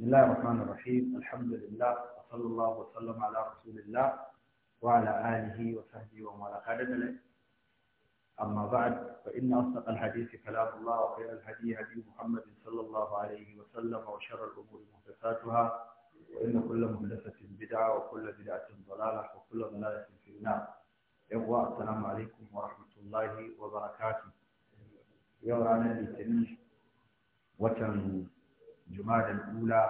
بسم الله الرحمن الرحيم الحمد لله وصلى الله وسلم على رسول الله وعلى آله وصحبه ومن والاه أما بعد فإن أصدق الحديث كلام الله وخير الهدي هدي محمد صلى الله عليه وسلم وشر الأمور محدثاتها وإن كل محدثة بدعة وكل بدعة ضلالة وكل ضلالة في النار يقوى السلام عليكم ورحمة الله وبركاته يوم أنا وتن jumada al-ula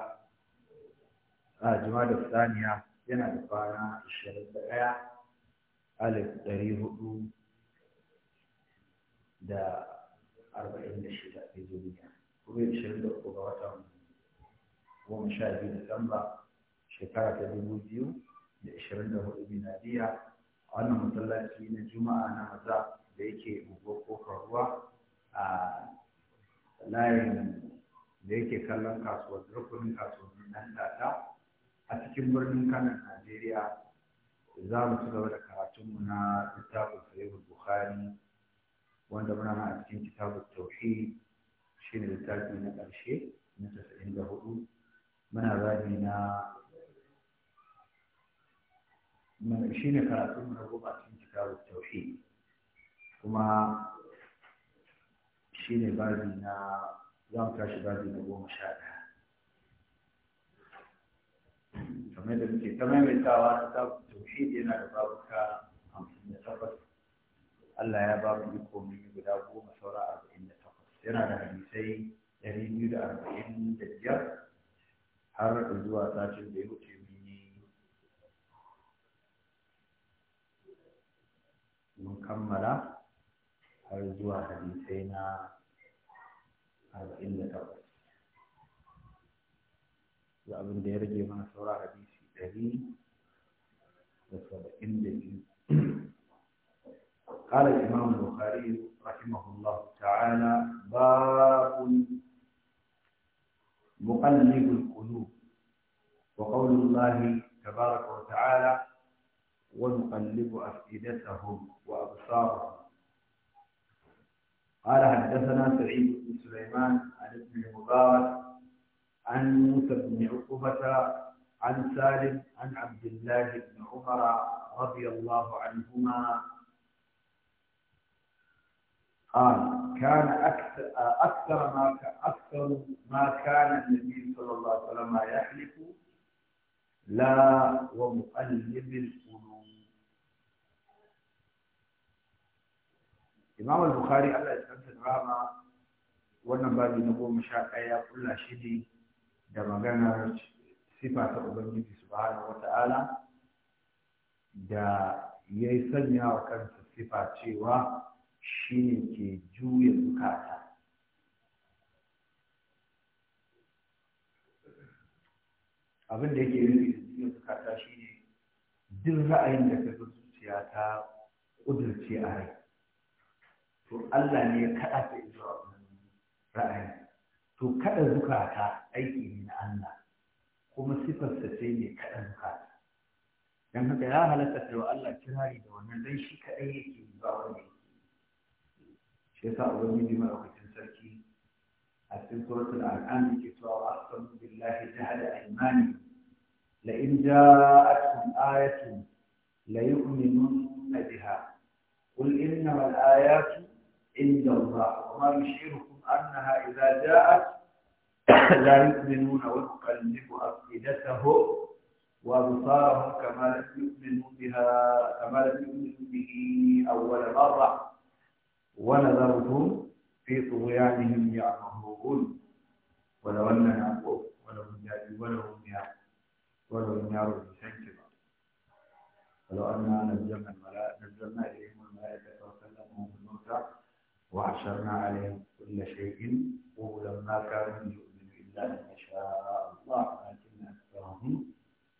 a jumada da thaniya yana da kwana 21 alif 400 da 46 a duniya kuma sha da shekara ta dubu biyu da da hudu a wannan masallaci na juma'a na da yake unguwar kofar ruwa a layin da yake kallon kasuwar rukunin na nan ta a cikin birnin kanan najeriya za mu ci gaba da karatunmu na littafin sahihul bukhari wanda muna a cikin kitabun tauhid shine littafi na ƙarshe na tasa'in da hudu muna zabi na shi ne karatun na goma cikin kitabun tauhid kuma shi ne babi na za mu tashi babi na goma sha ɗaya kamar da muke ta maimaitawa ta tabu tauhid yana da babuka hamsin da takwas Allah ya ba mu iko mun guda goma saura arba'in da takwas yana da hadisai ɗari biyu da arba'in da biyar har zuwa satin da ya wuce mun yi mun kammala har zuwa hadisai na قال الإمام البخاري رحمه الله تعالى باب مقلب القلوب وقول الله تبارك وتعالى ونقلب أفئدتهم وأبصارهم قال حدثنا سعيد بن سليمان عن ابن المبارك عن موسى بن عقبة عن سالم عن عبد الله بن عمر رضي الله عنهما قال كان أكثر, ما أكثر ما كان النبي صلى الله عليه وسلم يحلف لا ومقلب القلوب imam al-bukhari Allah ya tsanta rahama wannan babi na goma sha ɗaya ya kulla shi ne da maganar sifa ta ubangiji subhanahu wata'ala da ya yi sanya wa kansa sifa cewa shi ne ke juya zukata abin da yake rufi da juya zukata shi ne duk ra'ayin da ka zuciya ta ƙudurce a rai to Allah ne ya kaɗa ta ita wannan ra'ayi to kaɗa zukata aiki ne na Allah kuma sifarsa ce ne kaɗa zukata don haka ya halatta ta wa Allah kirari da wannan dan shi kaɗai yake ba wanda yake shi yasa ubangiji maɗaukakin sarki a cikin suratul al'an yake cewa wa aqsamu billahi jahada imani la in ja'atkum ayatun la yu'minun biha قل إنما الآيات inda Allah kuma yushirukum annaha idza ja'at la yu'minuna wa tuqallibu afidatahum wa ولو أننا ولو ولو ولو أننا نزلنا الملائكة نزلنا إليهم الملائكة وعشرنا عليهم كل شيء قولا ما كانوا يؤمنوا إلا أن يشاء الله لكن أكثرهم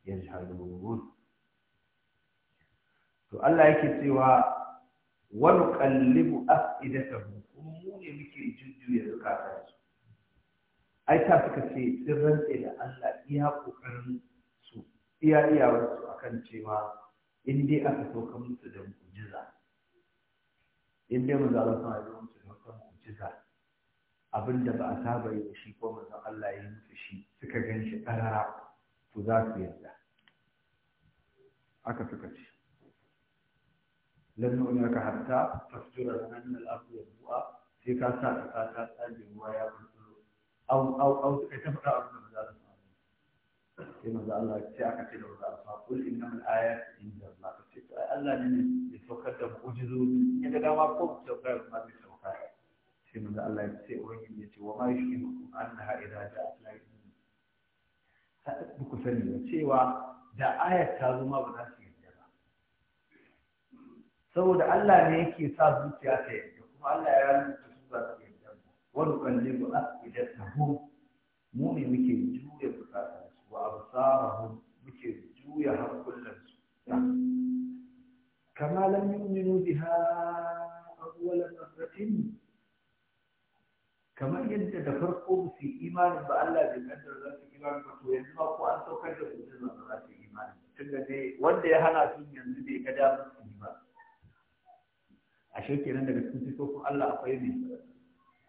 يجهلون فالله يكتوى ونقلب أفئدتهم ومون يمكن جدو يذكر ai ta suka ce sun rantse da Allah iya kokarin su iya iyawarsu akan cewa in dai aka sauka musu da in dai manzo Allah yi aiko musu da mu'jiza abinda ba a saba yi shi ko manzo Allah ya yi musu shi suka gani shi karara to za su yarda aka suka ce ne nu'minaka hatta tasjura lana min al-ardi yabwa sai ka sa ka ta tsaje ruwa ya fito au au au sai ta fara abin da za su sai manzo Allah sai aka ce da manzo Allah inna al ayatu inda Allah ka ce ai Allah ne ne ya saukar mu'jizozi ya ga dama ko saukar ma bai saukar sai manzo Allah ya ce ya ce wa annaha idza ja'at la sai ku sani cewa da aya ta zo ma ba za su yarda ba saboda Allah ne yake sa zuciya ta yi kuma Allah ya rubuta su za su yarda mu ne muke juya bukatar su wa absarahum muke juya hankulan su كما لم يؤمنوا بها أول مرة كما ينت تفرقوا في إيمان بألا بالقدر ذات إيمان ويزمع وأن تكدر بالقدر ذات إيمان الذي ودي هنا سن ينزل كدام إيمان أشياء لأنك نقول سوف الله أقيمه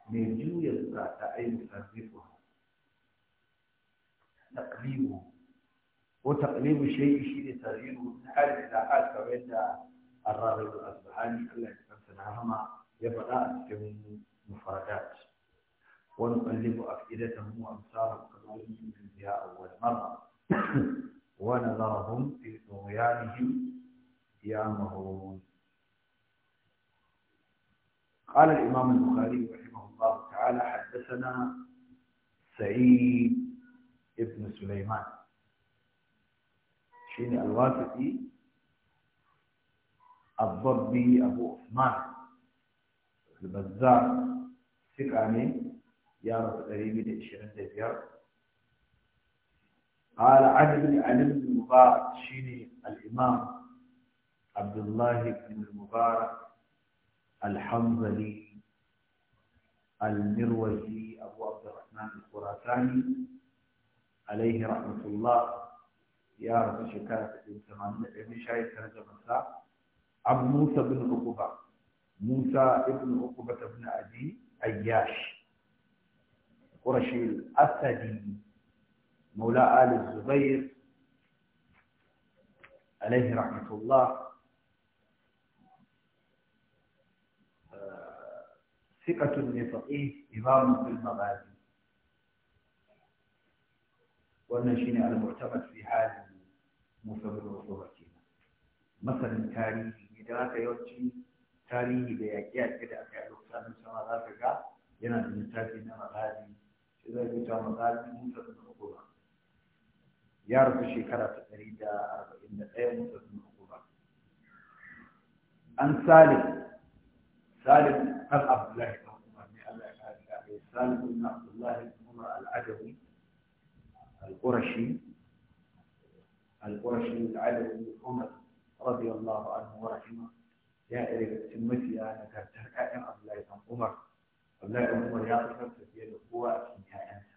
من جوية ذات أي مصرفها تقليبه وتقليب الشيء شيء تغييره من حال إلى حال فبين الرابع الأصبحاني الذي يسلمنا هما يبقى في مفردات ونقلب أفئدتهم وأبصارهم كما لم يؤمن بها أول مرة ونظرهم في طغيانهم يامرون قال الإمام البخاري رحمه الله تعالى حدثنا سعيد ابن سليمان شيني الواسطي الضبي أبو عثمان البزار ثقاني يا رب قريب من رب قال عن علي بن المبارك شيني الإمام عبد الله بن المبارك الحنظلي المروزي أبو عبد الرحمن الخراساني عليه رحمة الله يا رب شكاية الإنسان من شايف ترجمة أبو موسى بن عقبة موسى بن عقبة بن أبي أياش قرشي الأسدي مولى آل الزبير عليه رحمة الله ثقة لفقيه إمام في المغازي على المعتمد في حال موسى بن عقبة مثل تاريخي idan aka yawanci tarihi da yaƙi yaƙe da aka yi lokacin sama za ka ga yana da littafi na magani sai zai rubuta magani musa da hukuma ya rasu shekara ta ɗari da arba'in da ɗaya musa da hukuma an salim salim kan abdullahi ɗan umar ne allah ya kare da mai salim ibn abdullahi ibn umar al'adawi al-qurashi al-qurashi al radiyallahu anhu wa rahima ya ɗaya daga cikin mafiya na gantar ƴaƴan Abdullahi dan Umar Abdullahi dan Umar ya fi kansa fiye da kowa a cikin ƴaƴansa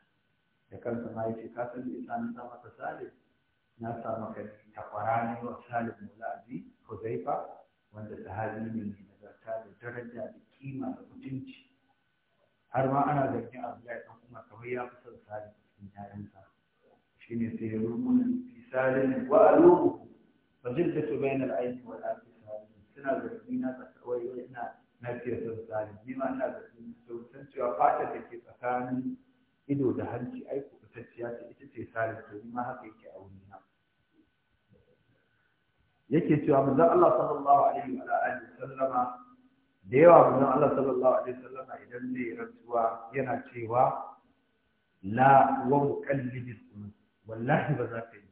da kansa ma yace ka san me yasa na sa maka Salim na sa maka takwara ne wa Salim Mulazi Huzaifa wanda sahabi ne mai nagarta da daraja da kima da mutunci har ma ana zargin Abdullahi dan Umar kamar ya fi son a cikin ƴaƴansa shine sai ya rumuna fi Salim wa aluhu فجلسة بين العين والآفة suna zargi na tsawai ina na fiye son tsari ni ma ina zargi to fatar da ke tsakanin ido da hanci ai kubutacciya ce ita ce tsari ma haka yake a wuri na yake cewa manzon Allah sallallahu alaihi wa alihi sallama da yawa manzon Allah sallallahu alaihi sallama idan zai rantsuwa yana cewa la wa muqallibis wallahi ba za ka yi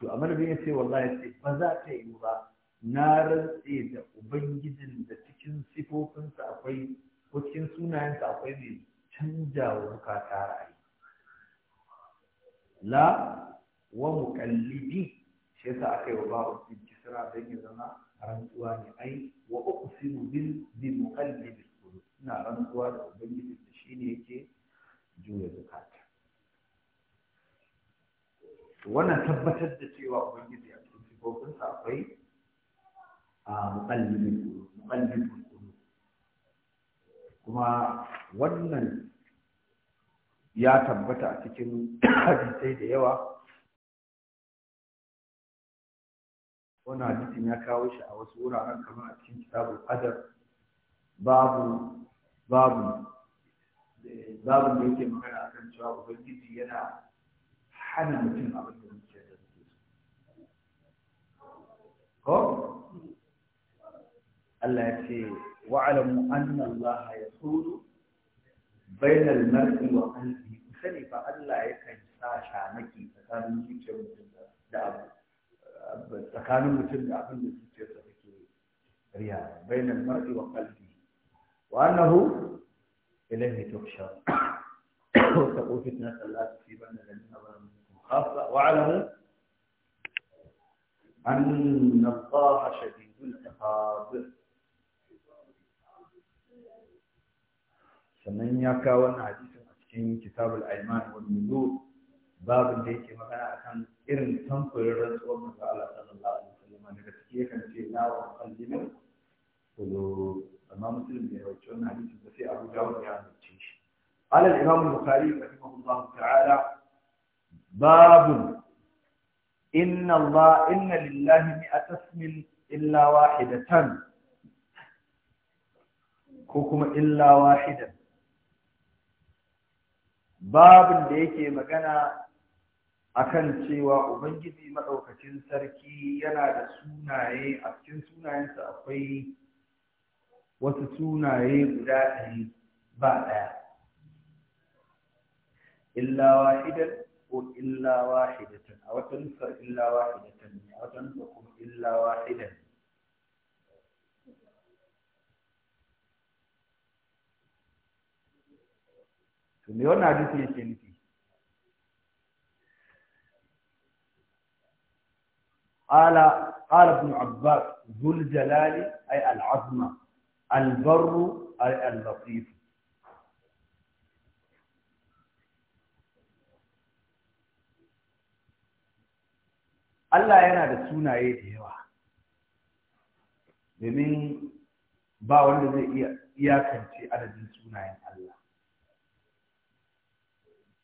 to amma ya ce wallahi ce ba za ta yi ba na rantse da ubangijin da cikin sifofinsa akwai ko cikin sunayensa akwai mai canja wa bukata ra'ayi la wa muƙallibi shi yasa aka yi wa babu cikin kisira don ya zama rantsuwa ne ai wa uqsimu bil bi muqallidi suna rantsuwa da ubangijin da shine yake juya bukata wannan tabbatar da cewa ubangiji a cikin sa akwai a muƙallibin muƙallibin kuma wannan ya tabbata a cikin hadisai da yawa wannan hadisin ya kawo shi a wasu wuraren kamar a cikin kitabul qadar babu babu eh, babu da yake magana akan cewa ubangiji yana حمل مثل ما بدهم خب التي واعلموا ان الله يحول بين المرء وقلبه خلي فالله يكن سا شانكي تكانو مثل ما تكانو مثل ما ريا بين المرء وقلبه وانه اليه تخشى وتقول فتنه لا تصيبن الذين واعلموا أن الله شديد العقاب sannan ya kawo wannan hadisin a cikin kitabul aiman wal nuzur babin da yake magana akan irin samfurin rantsuwar manzo Allah sallallahu alaihi wasallam daga ciki yakan ce la wa sallima kullu amma muslim bai rawaito wannan hadisin ba sai Abu Dawud ya rawaito shi قال الإمام البخاري رحمه الله تعالى باب inna الله inna lillahi mi'ata اسم illa wahidatan ko kuma illa wahidan babun da yake magana akan cewa ubangiji madaukakin sarki yana da sunaye a cikin sunayensa akwai wasu sunaye guda ɗari ba ɗaya illa wahidan تنفقون إلا واحدة أو تنفق إلا واحدة أو تنفقون إلا واحدة ليون عديث يشينتي قال قال ابن عباس ذو الجلال أي العظمة البر أي اللطيف Allah yana da sunaye da yawa domin ba wanda zai iyakance adadin sunayen Allah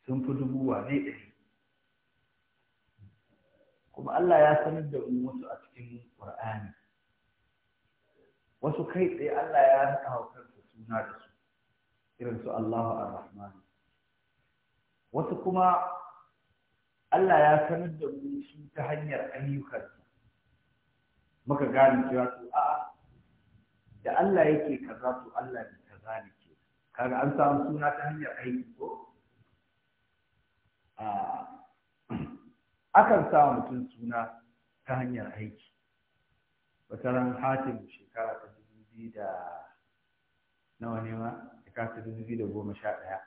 sun fi dubu wane ɗari kuma Allah ya sanar da mu wasu a cikin Qur'ani wasu kai tsaye Allah ya rika haukar suna da su irin su Allahu Ar-Rahman wasu kuma Allah ya sanar da mu shi ta hanyar ayyukansa muka gane cewa to a da Allah yake kaza to Allah ne kaza ne ke kaga an samu suna ta hanyar aiki ko akan samu mutum suna ta hanyar aiki wata ran hatim shekara ta dubu biyu da nawa ne ma shekara ta dubu biyu da goma sha ɗaya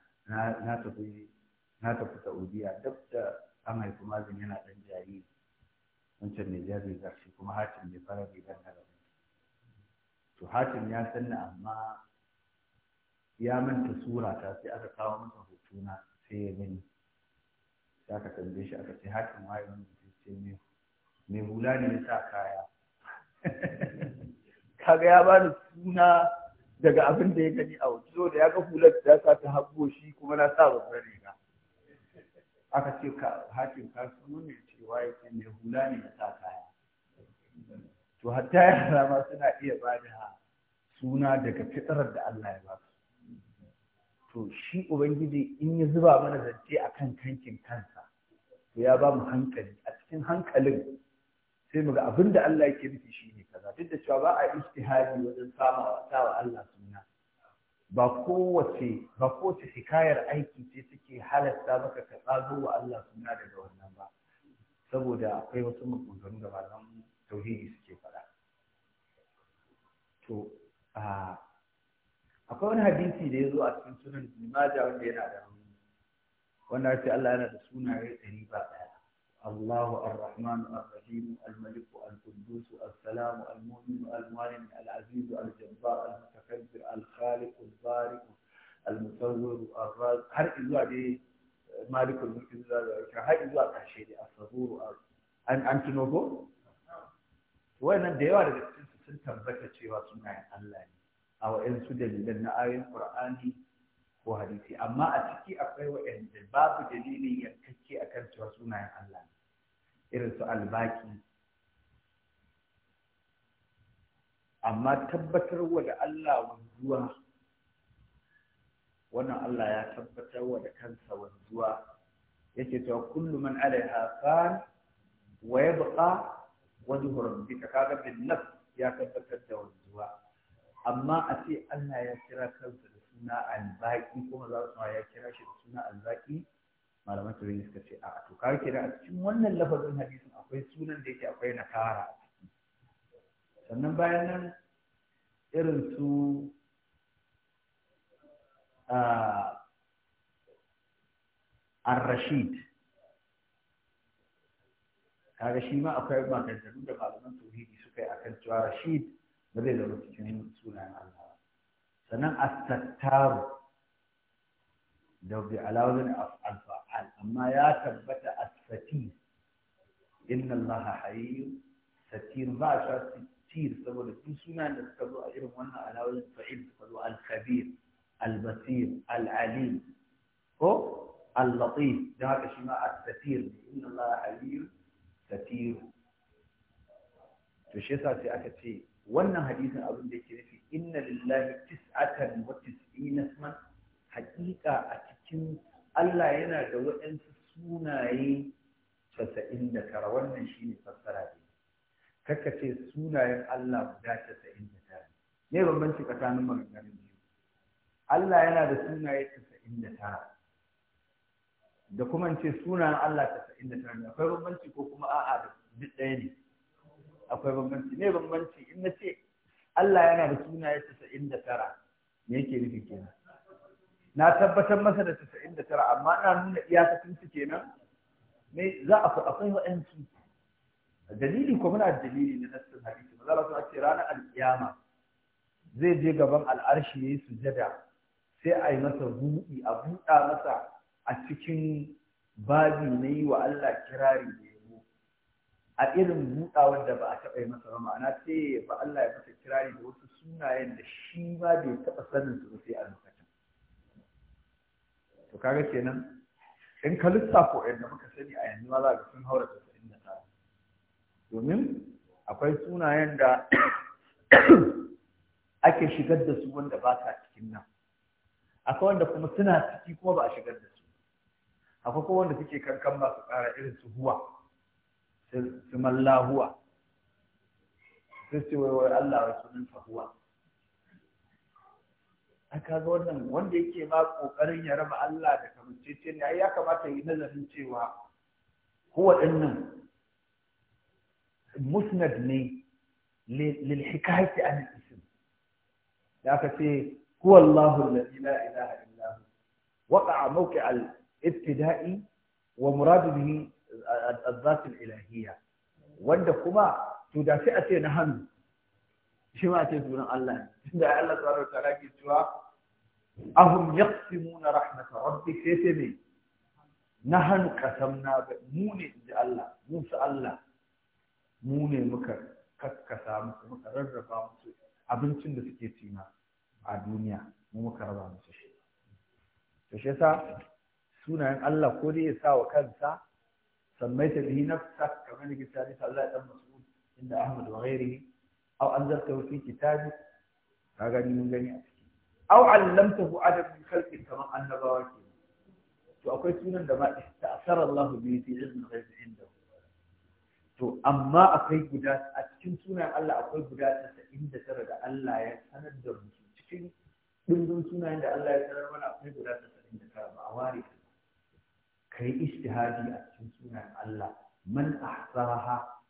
na tafi na tafi saudiya duk da an haifi mazin yana ɗan jariri wancan mai jar riga shi kuma hatim bai fara na daga to hatim ya sanna amma ya manta sura ta sai aka kawo masa na sai ya gani sai aka tambaye shi aka ce hatim waye wani ce ne mai hula ne ya sa kaya kaga ya ba suna daga abin da ya gani a wajen da ya ga hular da ta ta habbo shi kuma na sa babbar riga aka ce ka hakin ka san wannan cewa yake mai hula ne ya sa kaya to hatta yara ma suna iya ba da suna daga fitarar da Allah ya ba su to shi ubangiji in ya zuba mana zance akan kankin kansa to ya ba mu hankali a cikin hankalin sai mu ga abin Allah yake nufi shi ne kaza duk da cewa ba a ijtihadi wajen samawa wa Allah suna ba kowace ba kowace hikayar aiki ce take halatta maka ka tsago wa Allah suna daga wannan ba saboda akwai wasu maganganu da malaman tauhidi suke faɗa to akwai wani hadisi da ya zo a cikin sunan limaja wanda yana da wanda ya ce Allah yana da sunaye ɗari ba ɗaya الله الرحمن الرحيم الملك القدوس السلام المؤمن المؤمن العزيز الجبار المتكبر الخالق البارئ المصور الرازق هر إذوا دي مالك الملك هر إذوا كاشي دي الصبور أن أنت نوغو وين da yawa daga cikin sun tabbata cewa sunayen Allah ne a wa'in su dalilan na ayoyin Qur'ani ko hadisi amma a ciki akwai waɗanda babu dalilin yankacce a kan cewa sunayen Allah irin su albaki amma tabbatar da Allah wanzuwa wannan Allah ya tabbatar da kansa wanzuwa yake cewa kullu man alaiha fan wa yabqa wajhu rabbika kaga bin nafs ya tabbatar da wanzuwa amma a ce Allah ya kira kansa suna alzaki kuma za su ya kira shi da suna alzaki malaman yi suka ce a to ka kira a cikin wannan lafazin hadisin akwai sunan da yake akwai nakara a sannan bayan nan irin su ar-rashid kaga shi ma akwai magantaru da malaman tauhidi suka yi akan cewa rashid ba zai zama cikin sunayen Allah sannan astattaru da bi alawazin alfa'al amma ya tabbata astati inna Allah hayyu satir ba shi satir saboda duk suna da suka zo a irin wannan alawazin fa'il suka zo al-kabir al-basir al-alim ko al-latif da haka shi ma astatir inna Allah hayyu satir to shi yasa sai aka ce wannan hadisin abin da yake nufi inna lillahi mi'atan wata tis'ina isman Hakika a cikin Allah yana da waɗansu sunaye casa'in da tara wannan shi ne fassara ne kaka ce sunayen Allah guda casa'in da tara ne bambanci tsakanin maganganun biyu Allah yana da sunaye casa'in da tara da kuma ce sunayen Allah casa'in da tara ne akwai bambanci ko kuma a'a da duk ɗaya ne akwai bambanci ne bambanci in na ce Allah yana da sunaye casa'in da tara me yake nufi kenan na tabbatar masa da 99 amma ina nuna iyakacin su kenan me za a fi akwai wa'ansu dalili kuma muna dalili na nassin hadisi maza Allah ce ranar alkiyama zai je gaban al'arshi yayi sujada sai a yi masa buɗi a buɗa masa a cikin babi na yi wa Allah kirari a irin buɗawar da ba a taɓa yi masa ba ma'ana ce ba Allah ya fasa kirari da wasu sunayen da shi ma bai taɓa sanin su sai a lokacin to kaga kenan in ka lissafo yadda muka sani a yanzu ma za ka sun haura tasa'in da domin akwai sunayen da ake shigar da su wanda ba sa cikin nan akwai wanda kuma suna ciki kuma ba a shigar da su akwai kowanda suke kankan ba su ƙara irin su huwa su mallahuwa sai wai Allah wa sunan fahuwa aka ga wannan wanda yake ma kokarin ya raba Allah da kamancece ne ai ya kamata yi nazarin cewa huwa dinnan musnad ne lil hikayati an ism da aka ce huwa Allahu alladhi la ilaha illa hu waqa'a mawqi'al ibtida'i wa muradu bihi azzatul ilahiyya wanda kuma to da sai a ce na hannu shi ma ce sunan Allah ne? tunda Allah subhanahu wa ta'ala ke cewa ahum yaqsimuna rahmat rabbi sai sai me nahnu qasamna mu ne da Allah mu su Allah mu ne muka musu muka rarraba musu abincin da suke ci a duniya mu muka musu shi to shi yasa sunayen Allah ko dai ya sa wa kansa sammaita bihi nafsak kamar da kita ne Allah dan mas'ud inda Ahmad wa ghairihi aw anzalta fi kitabi ka gani mun gani a ciki aw allamtahu adam min khalqi kamar annabawa ke to akwai sunan da ma to amma akwai guda a cikin sunayen Allah akwai guda 99 da Allah ya sanar da mu cikin dindin sunayen da Allah ya sanar mana akwai guda tara ba a ware ka yi ishtihadi a cikin sunan Allah man ahsaha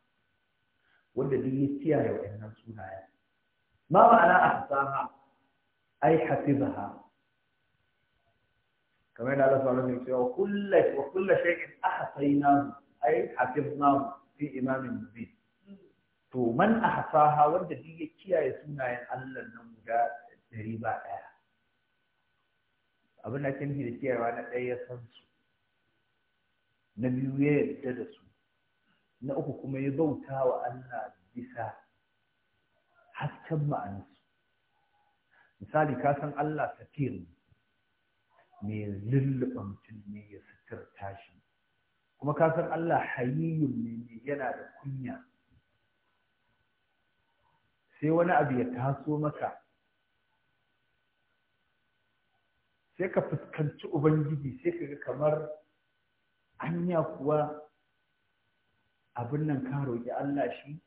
wanda duk ya kiyaye waɗannan sunayen ma ma'ana ahsaha ai hafizaha kamar da Allah sallallahu alaihi wasallam kullu wa kullu shay'in ahsaynahu ai hafiznahu fi imamin mubin to man ahsaha wanda duk ya kiyaye sunayen Allah nan guda ɗari ba ɗaya abin da kin da kiyayewa na ɗaya ya san su na biyu ya yarda da su na uku kuma ya bauta wa Allah bisa hasken ma'anarsu misali ka san Allah satir ne lulluɓa mutum ne ya sutura tashi kuma ka san Allah hayyun ne yana da kunya sai wani abu ya taso maka sai ka fuskanci ubangiji sai ka ga kamar anya kuwa abin nan ka roƙi Allah shi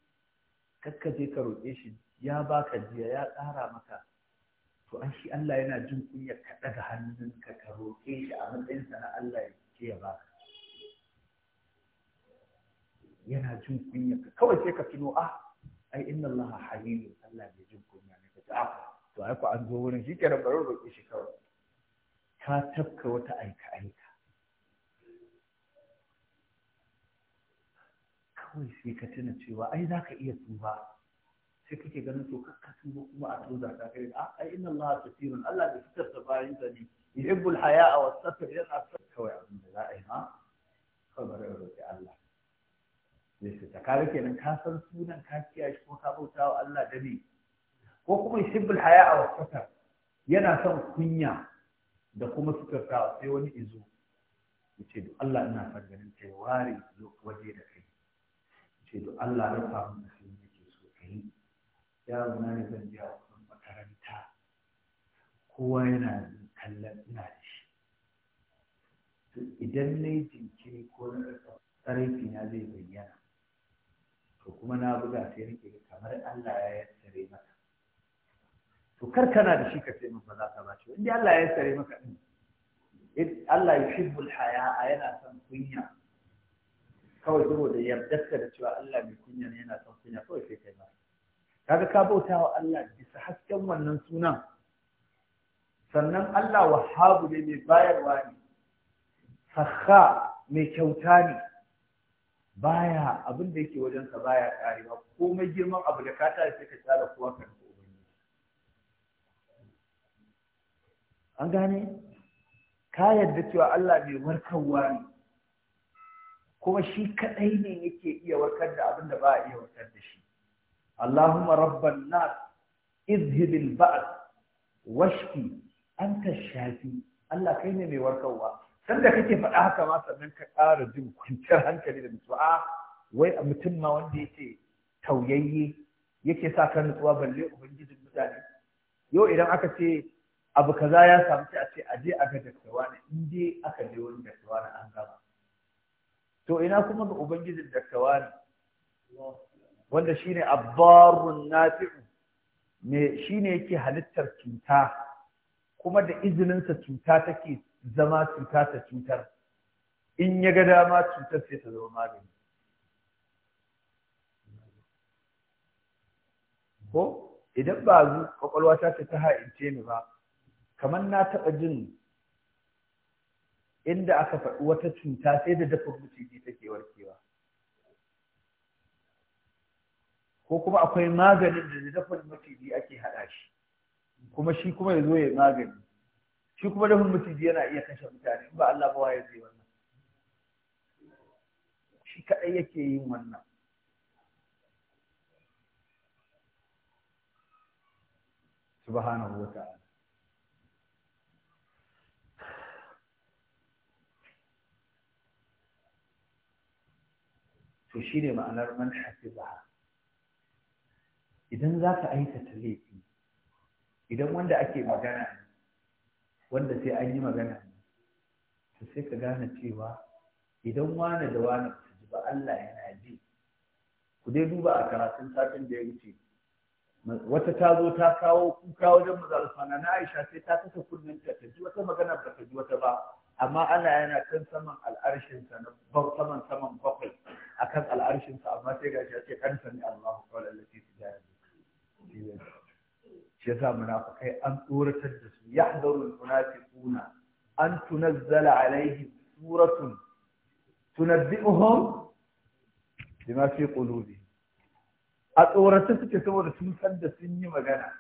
kakka je ka roƙe shi ya baka jiya ya tsara maka to an shi Allah yana jin kunyar ka daga hannunka ka roƙe shi a matsayinsa na Allah ya ce ya baka yana jin kunyar. ka kawai sai ka tuno ah ai inna Allah halilu Allah bai jin kunya ne ka ah to ai ku an zo wurin shi kenan bari roƙe shi kawai ka tafka wata aika aika kawai sai ka tuna cewa ai za ka iya tuba sai kake ganin to kakka tuba kuma a tuza ta kai a ah, ai inna Allah tasirun Allah da fitar ta bayin ta ne yuhibbul haya'a was satr yana son kawai abin da za a yi ma kawai bari roƙi Allah zai fita ka ga kenan ka san sunan ka kiyaye shi ko ka bauta wa Allah da ne ko kuma yuhibbul haya'a a satr yana son kunya da kuma suturta sai wani izo ya ce Allah ina son ganin ya ware waje da kai sai to Allah ya fa mun sai yake so kai yaro na ne zan biya kuɗin makaranta kowa yana kallon ina da shi to idan na yi jinkiri ko na rasa tsaraifi na zai bayyana to kuma na buga sai nake kamar Allah ya yassare maka to kar kana da shi ka sai mun ba za ka ba shi in Allah ya yassare maka din Allah yuhibbul haya'a yana son kunya kawai saboda yardarka da cewa Allah mai kunya ne yana son kunya kawai sai kai ba. kaga ka bauta wa Allah bisa hasken wannan sunan sannan Allah wahabu ne mai bayarwa ne sakha mai kyauta ne baya abin da yake wajensa baya karewa komai girman abu da ka tare sai ka tsara kowa kan an gane ka yarda cewa Allah mai warkarwa ne kuma shi kadai ne yake iya warkar da abin da ba a iya warkar da shi Allahumma rabban nas izhib al ba'd washfi anta shafi Allah kai ne mai warkarwa sanda kake faɗa haka ma sannan ka ƙara jin kwanciyar hankali da mutuwa. wai a mutum ma wanda yake tauyayye yake sa ka nutsuwa balle ubangijin mutane yau idan aka ce abu kaza ya samu sai a ce a je a ga dattawa ne in je aka je wani na an gama to ina kuma ga ubangijin da wani wanda shine abbarun nafi'u shi shine yake halittar cuta kuma da izininsa cuta take zama cuta ta cutar in ya ga dama cutar sai ta zama magani ko idan ba zu kwakwalwa ta ta ha'ince ni ba kamar na taɓa jin inda aka faɗi wata cuta sai da dafa muciji take warkewa ko kuma akwai maganin da dafa muciji ake haɗa shi kuma shi kuma ya zo ya magani shi kuma dafin muciji yana iya kashe mutane ba Allah ba waye zai wannan shi kaɗai yake yin wannan subhanahu wa ta'ala to shine ma'anar man hafizaha idan za ka aikata laifi idan wanda ake magana wanda sai an yi magana to sai ka gane cewa idan wane da wane su ji ba Allah yana ji ku dai duba a karatun satin da ya wuce wata ta zo ta kawo kuka wajen mazalfana na aisha sai ta kasa kunninta ta ji wata magana ba ta ji wata ba amma Allah yana kan saman al'arshinsa na saman saman bakwai kan al'arshin sa amma sai gashi ce kan sami Allahu qawla allati tujadilu shi yasa munafikai an tsoratar da su yahdharul munafiquna an tunazzala alaihim suratun tunabbi'uhum bima fi qulubihim a tsorata suke saboda sun san da sun yi magana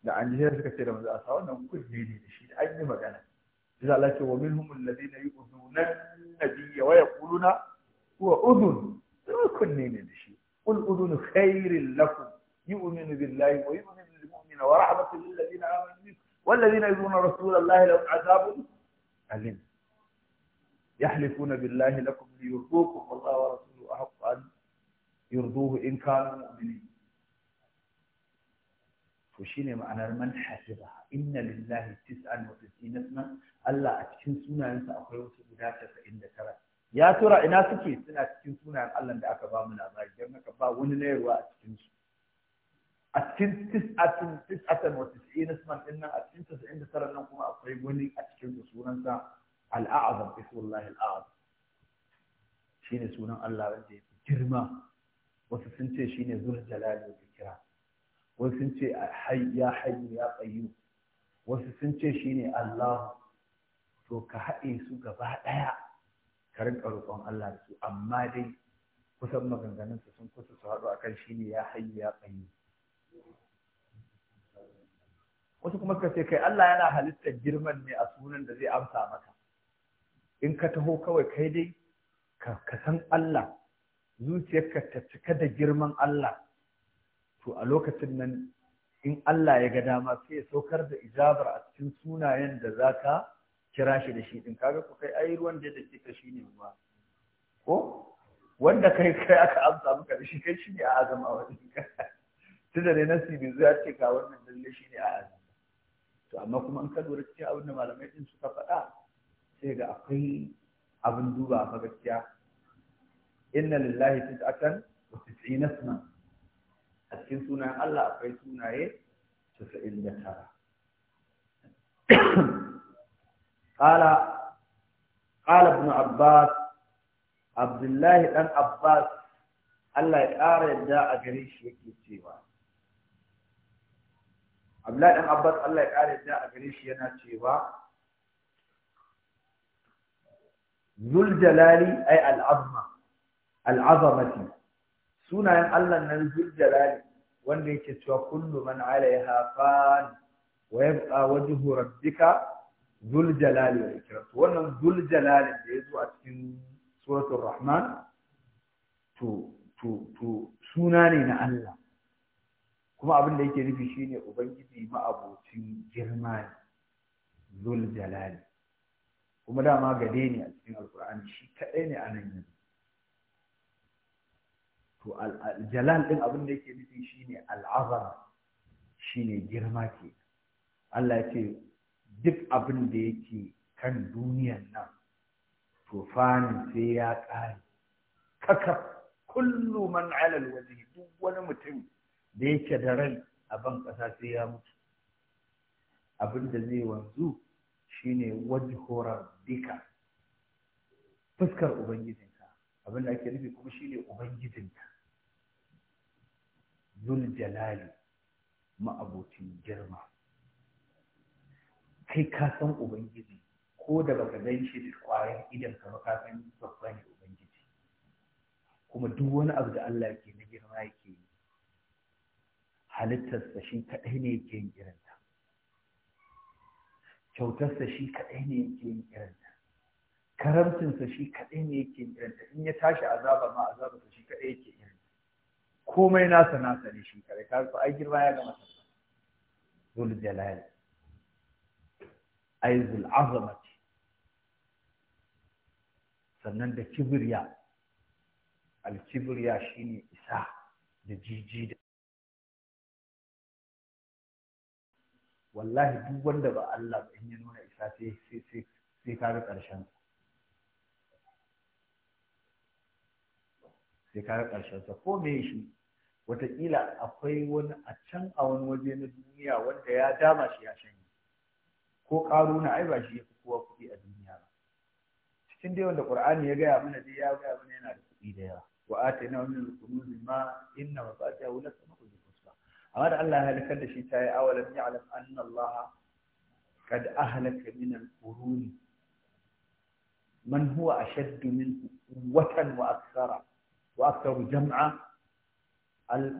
da an jihar suka ce da maza a sa wannan kunne ne da shi an yi magana da Allah ce wa minhum alladhina yu'dhuna nabiyya wa yaquluna huwa udhun كنين الشيء والأذن خير لكم يؤمن بالله ويؤمن بالمؤمن ورحمة للذين آمنوا والذين يؤمنون رسول الله لهم عذاب أليم يحلفون بالله لكم ليرضوكم والله ورسوله أحق أن يرضوه إن كانوا مؤمنين وشين معنى من حسبها إن لله تسعة وتسعين اسما ألا أتشنسونا أنت أخيوت بذاتك إن ذكرت ya tura ina suke suna cikin sunayen Allah da aka ba mu labari don haka ba wani nayarwa a cikin su a cikin tis'atin tis'atan wa tis'ina isman din nan a cikin tis'in da tara nan kuma akwai wani a cikin su sunansa al-a'zam ismullahi al Shi ne sunan Allah wanda ya girma wasu sun ce shine zul jalali wa kira. wasu sun ce ya hayyu ya qayyum wasu sun ce shi ne Allah to ka haɗe su gaba ɗaya ka rinka roƙon Allah da su amma dai kusan maganganun su sun kusa su haɗu akan shi ne ya hayi ya qayyum wasu kuma suka ce kai Allah yana halittar girman ne a sunan da zai amsa maka in ka taho kawai kai dai ka san Allah zuciyarka ta cika da girman Allah to a lokacin nan in Allah ya ga dama sai ya saukar da ijabar a cikin sunayen da za ka kira shi da shi din kaga ku kai ai ruwan da ka shine ruwa ko wanda kai kai aka amsa maka da shi kai shi ne a azama wani tun da ne bai zo ya ce ka wannan lalle shi ne a azama to amma kuma an ka dora cewa abin da malamai din suka faɗa sai ga akwai abin duba fa gaskiya inna lillahi tis'atan wa tis'ina asma a cikin sunayen Allah akwai sunaye 99 قال قال ابن عباس عبد الله بن عباس الله يقار يدعى قريش يكي سيوا عبد الله بن عباس الله يقار يدعى قريش ينا سيوا ذو الجلال أي العظمة العظمة سنة الله ذو الجلال وان يكي سوى كل من عليها فان ويبقى وجه ربك zul jalali wa ikram to wannan zul jalali da ya zo a cikin suratul rahman to to to suna ne na Allah kuma abin da yake nufi shine ubangiji ma'abocin girma ne zul jalali kuma dama gade ne a cikin alkur'ani shi kaɗai ne a nan yanzu to jalal ɗin abin da yake nufi shine al'azama shine girma ke Allah ya ce duk abin da yake kan duniyan nan tufanin sai ya ƙare kakaf kullu man alal waje duk wani mutum da yake da rai a ban ƙasa sai ya mutu abin da zai wanzu shine wajhura dika, fuskar ubangijinka abin da ake nufi kuma shine ubangijinka zul jalali ma'abocin girma kai ka san ubangiji ko da baka gan shi da kwayan idan ka ka san babba ne ubangiji kuma duk wani abu da Allah ke na girma yake yi halittarsa shi kaɗai ne yake yin kiranta. kyautarsa shi kaɗai ne yake yin kiranta. karamcinsa shi kaɗai ne yake yin kiranta. in ya tashi azaba ma sa shi kaɗai yake yin komai nasa nasa ne shi kaɗai ka ai girma ya gama dole jalali aizul azamati sannan da kibriya alkibirya shine isa da jiji da wallahi duk wanda ba Allah ba in ya nuna isa sai sai sai ka ga sai ka ga sa ko me shi wataƙila akwai wani a can a wani waje na duniya wanda ya dama shi ya shanye ko karuna ai ba shi ya kowa kuɗi a duniya ba cikin dai wanda qur'ani ya gaya mana dai ya gaya mana yana da kuɗi da yawa wa atayna min al-kunuz ma inna wa mafatihahu la tanqu bi usba amma da Allah ya halaka da shi tayi awalam ya'lam anna Allah qad ahlaka min al qurun man huwa ashaddu min quwwatan wa akthara wa aktharu jam'a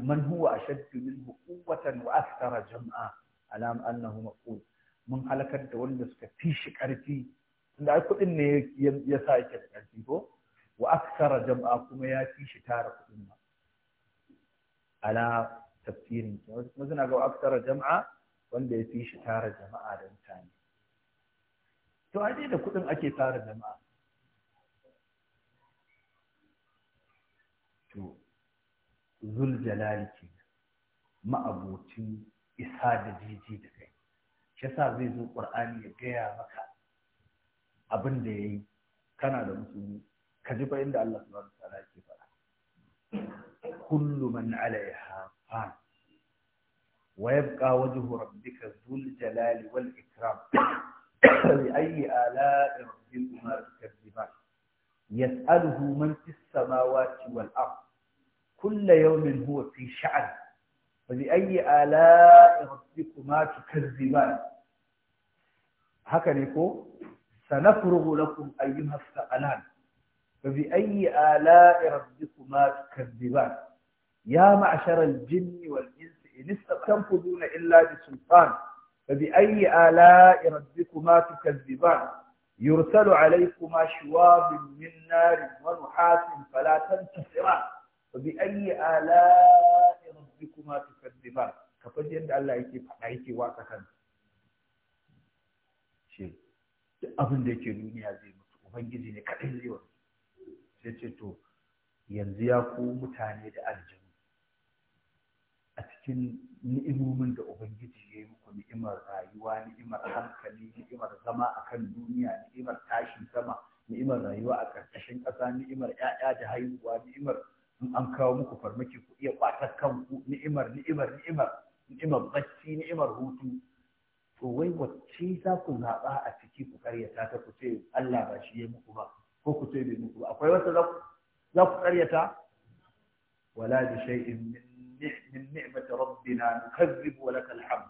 من هو أشد منه قوة وأكثر جمعا على أنه مقول mun halakar da wanda suka fi shi ƙarfi tunda kuɗin ne ya sa yake da ƙarfi ko wa aksara jama'a kuma ya fi shi tara kuɗin ma ala tafsirin kuma suna ga wa aksara jama'a wanda ya fi shi tara jama'a da mutane to ai da kuɗin ake tara jama'a to zul jalali ke ma'abocin isa da jiji da kai yasa zai zo qur'ani ya gaya maka abin da yayi kana da musulmi ka ji fa inda Allah subhanahu wataala yake faɗa kullu man alaiha fan wa wajen wajhu rabbika dhul jalali wal ikram bi ayyi ala'i rabbikuma tukazziban yas'aluhu man fis samawati wal ard كل يوم هو في شعر فبأي آلاء ربكما تكذبان هكذا يقول سنفرغ لكم أيها الثقلان فبأي آلاء ربكما تكذبان يا معشر الجن والإنس إن استنفذون إلا بسلطان فبأي آلاء ربكما تكذبان يرسل عليكما شواب من نار ونحاس فلا تنتصران فبأي آلاء rabbikuma tukazziban ka faɗi yadda Allah yake faɗa yake watsa kansa shi duk abin da yake duniya zai mutu ubangiji ne kaɗai zai wani sai ce to yanzu ya ku mutane da aljanu a cikin ni'imomin da ubangiji ya yi muku ni'imar rayuwa ni'imar hankali ni'imar zama a kan duniya ni'imar tashin sama ni'imar rayuwa a ƙarƙashin ƙasa ni'imar 'ya'ya da haihuwa ni'imar in an kawo muku farmaki ku iya kwatar kanku ni'imar ni'imar ni'imar ni'imar bacci ni'imar hutu to wai wacce za ku zaɓa a ciki ku karyata ta ku ce Allah ba shi ya muku ba ko ku ce bai muku ba akwai wata za ku karyata wala bi shay'in min ni'mati rabbina nukazzibu wa lakal hamd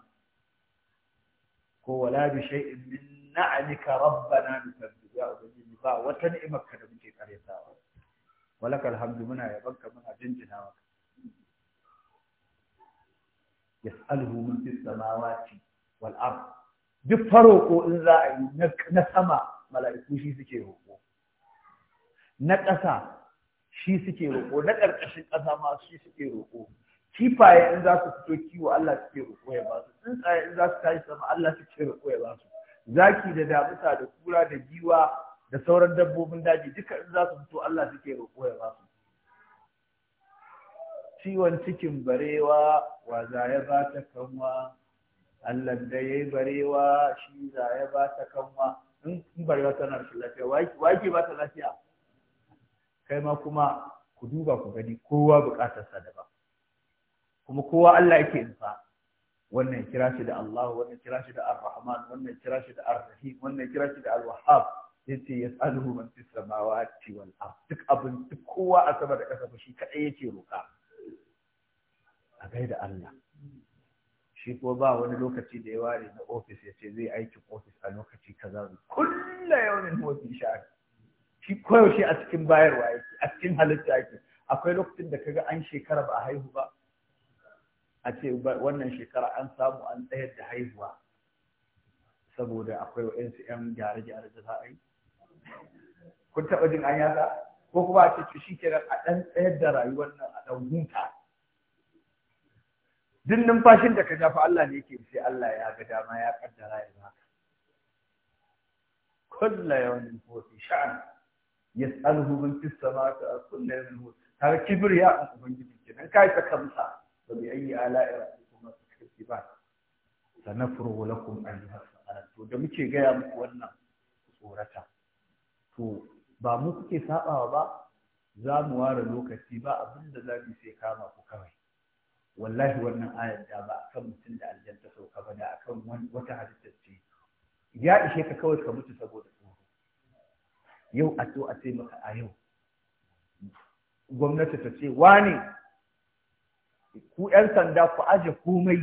ko wala bi shay'in min na'amika rabbana nukazzibu ya ubangiji ba wata ni'imar ka da muke karyatawa walakal hamdu muna yabanka muna jinjina maka yas'aluhu min fis samawati wal ard duk faroko in za a yi na sama mala'iku shi suke roƙo na ƙasa shi suke roƙo na ƙarƙashin ƙasa ma shi suke roƙo kifaye in za su fito kiwo Allah suke roƙo ya ba su tsuntsaye in za su tashi sama Allah suke roƙo ya ba su zaki da damusa da kura da giwa da sauran dabbobin daji duka in za su fito Allah suke roƙo ya ba ciwon cikin barewa wa za ya ba ta kanwa Allah da ya yi barewa shi za ya ba ta kanwa in barewa tana da lafiya yake ba ta lafiya kai ma kuma ku duba ku gani kowa sa daban kuma kowa Allah yake insa wannan kira shi da Allah wannan kira shi da Ar-Rahman wannan kira shi da Ar-Rahim wannan kira shi da Al-Wahhab yace yas'aluhu man fis samawati wal ard duk abin duk kowa a sama da ƙasa shi kadai yake roƙa a gaida Allah shi ko ba wani lokaci da ya ware na ofis ya ce zai aiki ofis a lokaci kaza kulla yawmin huwa fi shi koyaushe a cikin bayarwa yake a cikin halitta yake akwai lokacin da kaga an shekara ba a haihu ba a ce wannan shekara an samu an tsayar da haihuwa saboda akwai wa'yansu 'yan gyare-gyare da za a yi kun taɓa jin an yasa ko kuma a ce shi kenan a ɗan tsayar da rayuwar nan a ɗan huta duk numfashin da ka jafa Allah ne yake sai Allah ya ga dama ya kaddara ya maka kullu yawmin huwa fi sha'an yas'aluhu min fis samawati kullu yawmin huwa har kibriya an ubangiji kenan kai ta kamsa da bi ayi ala'i rabbikum tukazziban sanafru lakum ayyuha to da muke gaya muku wannan tsorata to ba mu kuke sabawa ba za mu ware lokaci ba abin da za mu sai kama ku kawai wallahi wannan ayar da ba akan mutum da aljanta sauka ba da akan wata halittar ce ya ishe ka kawai ka mutu saboda tsoro yau a to a ce maka a yau gwamnati ta ce wane ku 'yan sanda ku aje komai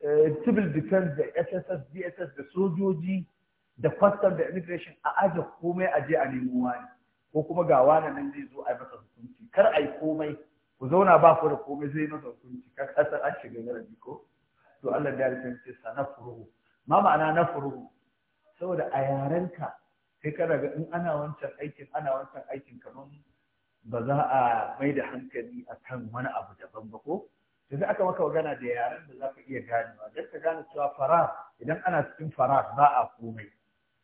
eh, civil defense da sss dss da sojoji da custom da immigration a aje komai a je a nemo wani ko kuma ga wani nan zai zo a yi masa hukunci kar a yi komai ku zauna ba ku da komai zai masa hukunci kar kasar an shiga garabi ko to Allah da ya ce sa na furuhu ma ma'ana na furuhu saboda a yaren ka kai kana ga in ana wancan aikin ana wancan aikin kamar ba za a mai da hankali a kan wani abu daban ba ko yanzu aka maka magana da yaren da za ka iya ganewa don ka gane cewa fara idan ana cikin fara ba a komai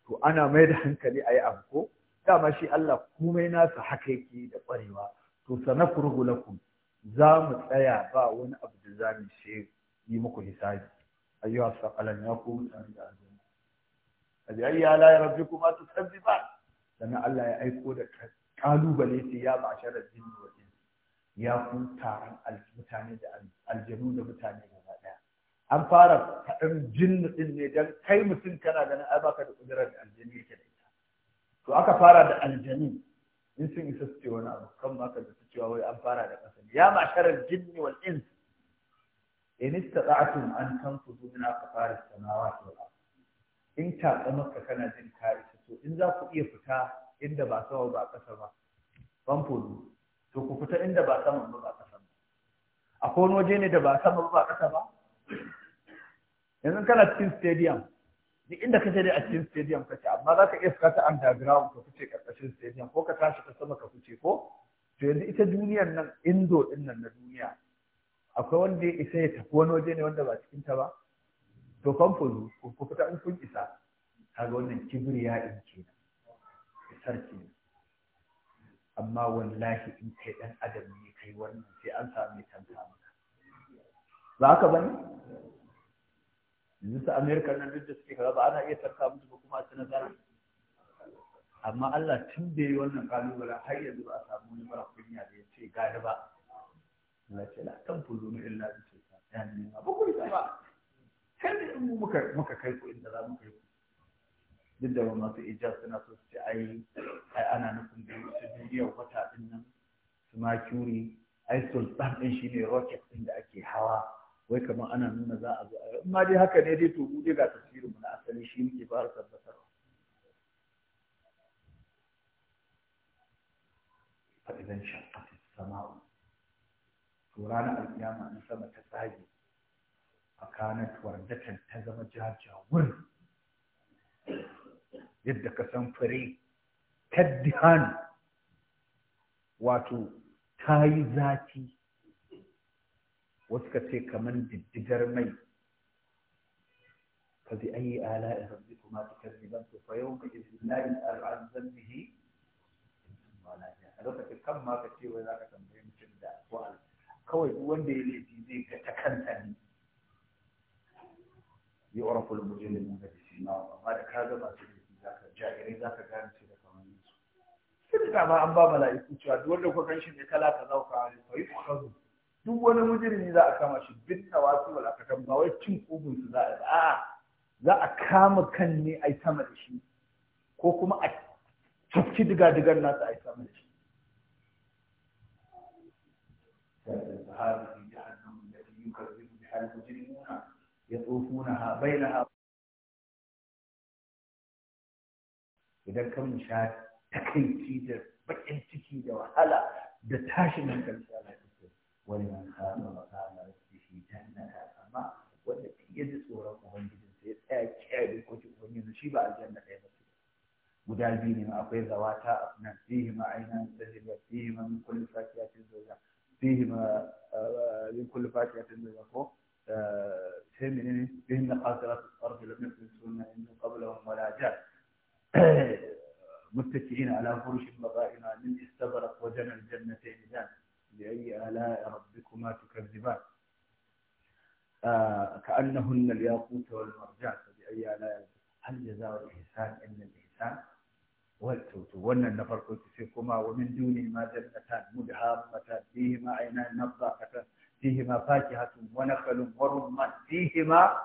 to ana mai da hankali a yi abu ko dama shi Allah komai nasa haka yake da ƙwarewa to sanakurhu lakum za mu tsaya ba wani abu da za mu yi muku hisabi ayyuha saqalan ya ku mutane da aljanna abi ayya la yarabbikum ma tusabbiba sannan Allah ya aiko da kalubale sai ya ba sharar jinni wa ya ku taron mutane da aljanu da mutane an fara faɗin jinnu ɗin ne don kai mutum kana ganin ai baka da ƙudurar da aljani yake da ita to aka fara da aljani in sun isa su ce wani abu kan ma ka zata cewa wai an fara da ƙasa ya masharar jinni wal ins in tun an tanfudu na fara sanawa wal ardh in taƙa maka kana jin ka isa to in za ku iya fita inda ba sama ba ƙasa ba famfudu to ku fita inda ba sama ba ƙasa ba akwai wani waje ne da ba sama ba ƙasa ba yanzu kana cikin stadium duk inda kace dai a cikin stadium kace amma za ka iya saka ta underground ka fice karkashin stadium ko ka tashi ta sama ka fice ko to yanzu ita duniyar nan indo din nan na duniya akwai wanda ya isa ya tafi wani waje ne wanda ba cikin ta ba to famfo ku fita in kun isa kaga wannan ya in kenan isar kenan amma wallahi in kai dan adam ne kai wannan sai an sami tanka maka ba haka bane yanzu ta amerika nan duk da suke kaza ba ana iya tarka musu ba kuma a cikin nasara amma allah tun da yi wannan kalubalen har yanzu ba a samu wani mara kunya da ya ce gani ba na ce la kan fuzo mu illa bi ce ya ne ba ku isa ba kan da mu muka muka kai ku inda za mu kai ku duk da masu ija suna so su ce ai ai ana nufin da su duniyar wata din nan su ma ai sultan din shine rocket din da ake hawa wai kamar ana nuna za a zo a ma dai haka ne dai to mu dai ga tafsirin mu na asali shi muke fara tabbatarwa fa idan shaqqat as-sama'u to ranar alkiyama in sama ta tsage a kanar wardatan ta zama jajawur yadda ka san fure taddihan wato ta yi zafi wasu ka ce kaman diddigar mai fa bi ayi ala'i rabbikuma tukazziban to fa yawma idhin la yus'al an dhanbihi a lokacin kan ma ka ce wai za ka tambaye mutum da wa'al kawai wanda ya laifi zai ga ta kanta ne يعرف المجرمون بسيماهم amma da ka ga masu laifi za ka jairai za ka gane su da kamar su sai da ba an ba mala'iku cewa duk wanda kuka ganshi ne kala kaza ku fa yu'khadhu duk wani mujirmi za a kama shi bin tawasu wal akatam ba wai cin kugun su za a a za a kama kan ne ai sama da shi ko kuma a tafki diga-digar nasa ai sama da shi idan kan sha takaici da bakin ciki da wahala da tashin hankali Allah ولمن خاب مقام ربه جنتا فما والتي يدسو ربه الجنة أكاد الكتب من نشيب الجنة يا مسيح ودال بيني ما أقول ذواتا أفنى فيهما عينان تجري فيهما من كل فاكهة الزوجة فيهما آه، من كل فاكهة الزوجة سمعني آه، بهن قاتلات الأرض لم يكن إن قبلهم ولا جاء متكئين على فرش بطائنا من استبرق وجنى الجنتين جنتين فبأي آلاء ربكما تكذبان آه كأنهن الياقوت والمرجان فبأي آلاء ربكما هل جزاء الإحسان إلا الإحسان والتوتون النفر قلت فيكما ومن دونهما جنتان مدهامتان فيهما عينان نضاقتان فيهما فاكهة ونخل ورمان فيهما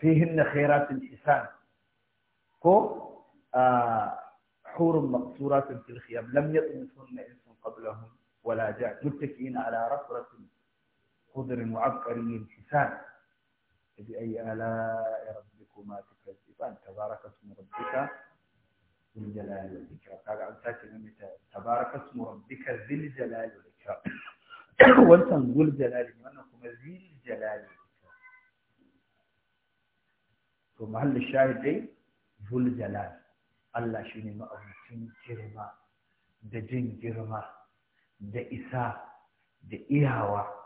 فيهن خيرات الإحسان كو آه حور مقصورات في الخيام لم يطمثن إنس قبلهم ولا داع متكئين على رفرف خضر وعبقري حسان فبأي آلاء ربكما تكذبان تبارك اسم ربك ذي الجلال والإكرام قال عن ساكن تبارك اسم ربك ذي الجلال والإكرام وانت ذو الجلال وانكم ذي الجلال والإكرام هل الشاهد دي ذو الجلال الله شنو ما أبو جن جرما دجن da isa da iyawa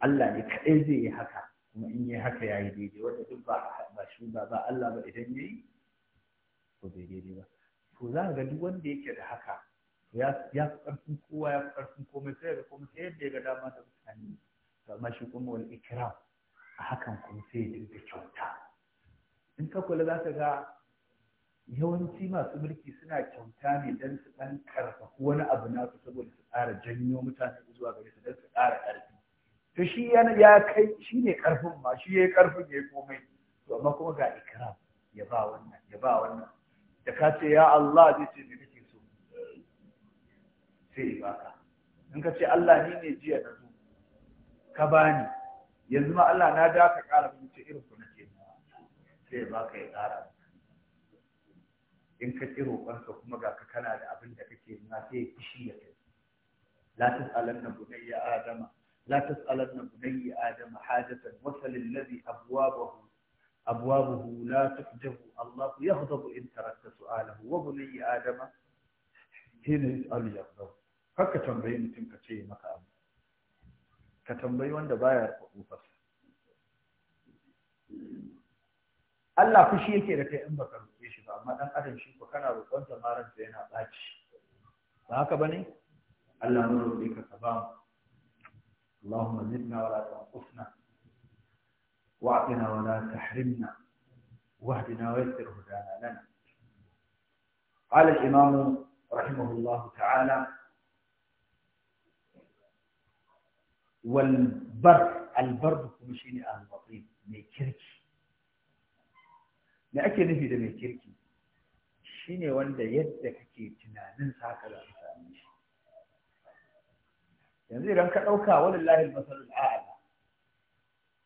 Allah ne kaɗai zai yi haka kuma in yi haka ya yi daidai wanda duk ba ba shi ba ba Allah ba idan ya yi ko bai daidai ba to za ga duk wanda yake da haka ya fi ƙarfin kowa ya fi ƙarfin komai sai ga komai sai yadda ya ga dama da mutane Ba ma shi kuma wani ikram a hakan kuma sai ya dinga kyauta in ka kula za ka ga yawanci masu mulki suna kyauta ne don su ɗan karfafa wani abu na su saboda su ƙara janyo mutane zuwa gare su don su ƙara ƙarfi to shi ya kai shi ne ƙarfin ma shi ya yi ƙarfin ya yi komai to amma kuma ga ikram ya ba wannan ya ba wannan da ka ce ya Allah zai ce me kake so sai baka in ka ce Allah ni ne jiya na zo ka bani yanzu ma Allah na da ka ƙara mun ce irin ku nake sai baka ya ƙara in ka ƙi roƙonsa kuma ga ka kana da abin da kake na sai ya kishi ya kai la tas'alanna bunayya adama la tas'alanna bunayya adama hajatan wasal alladhi abwabahu abwabuhu la tuhdahu Allah yaghdabu in tarakta su'alahu wa bunayya adama hina yas'alu yaghdabu haka tambayi mutum ka ce maka abu ka tambayi wanda baya rufe kofarsa Allah fushi yake da kai in baka roƙe shi ba amma dan adam shi ko kana roƙon sa ma ransa yana baci ba haka bane Allah mun roƙe ka ka ba mu Allahumma zidna wa la tanqusna wa'tina wa la tahrimna واهدنا ويسر هدانا لنا قال الإمام رحمه الله تعالى والبر البر كمشيني أهل لطيف ميكركي me ake nufi da mai kirki shine wanda yadda kake tunanin sa haka za shi yanzu idan ka ɗauka wani lahil masalul a'ala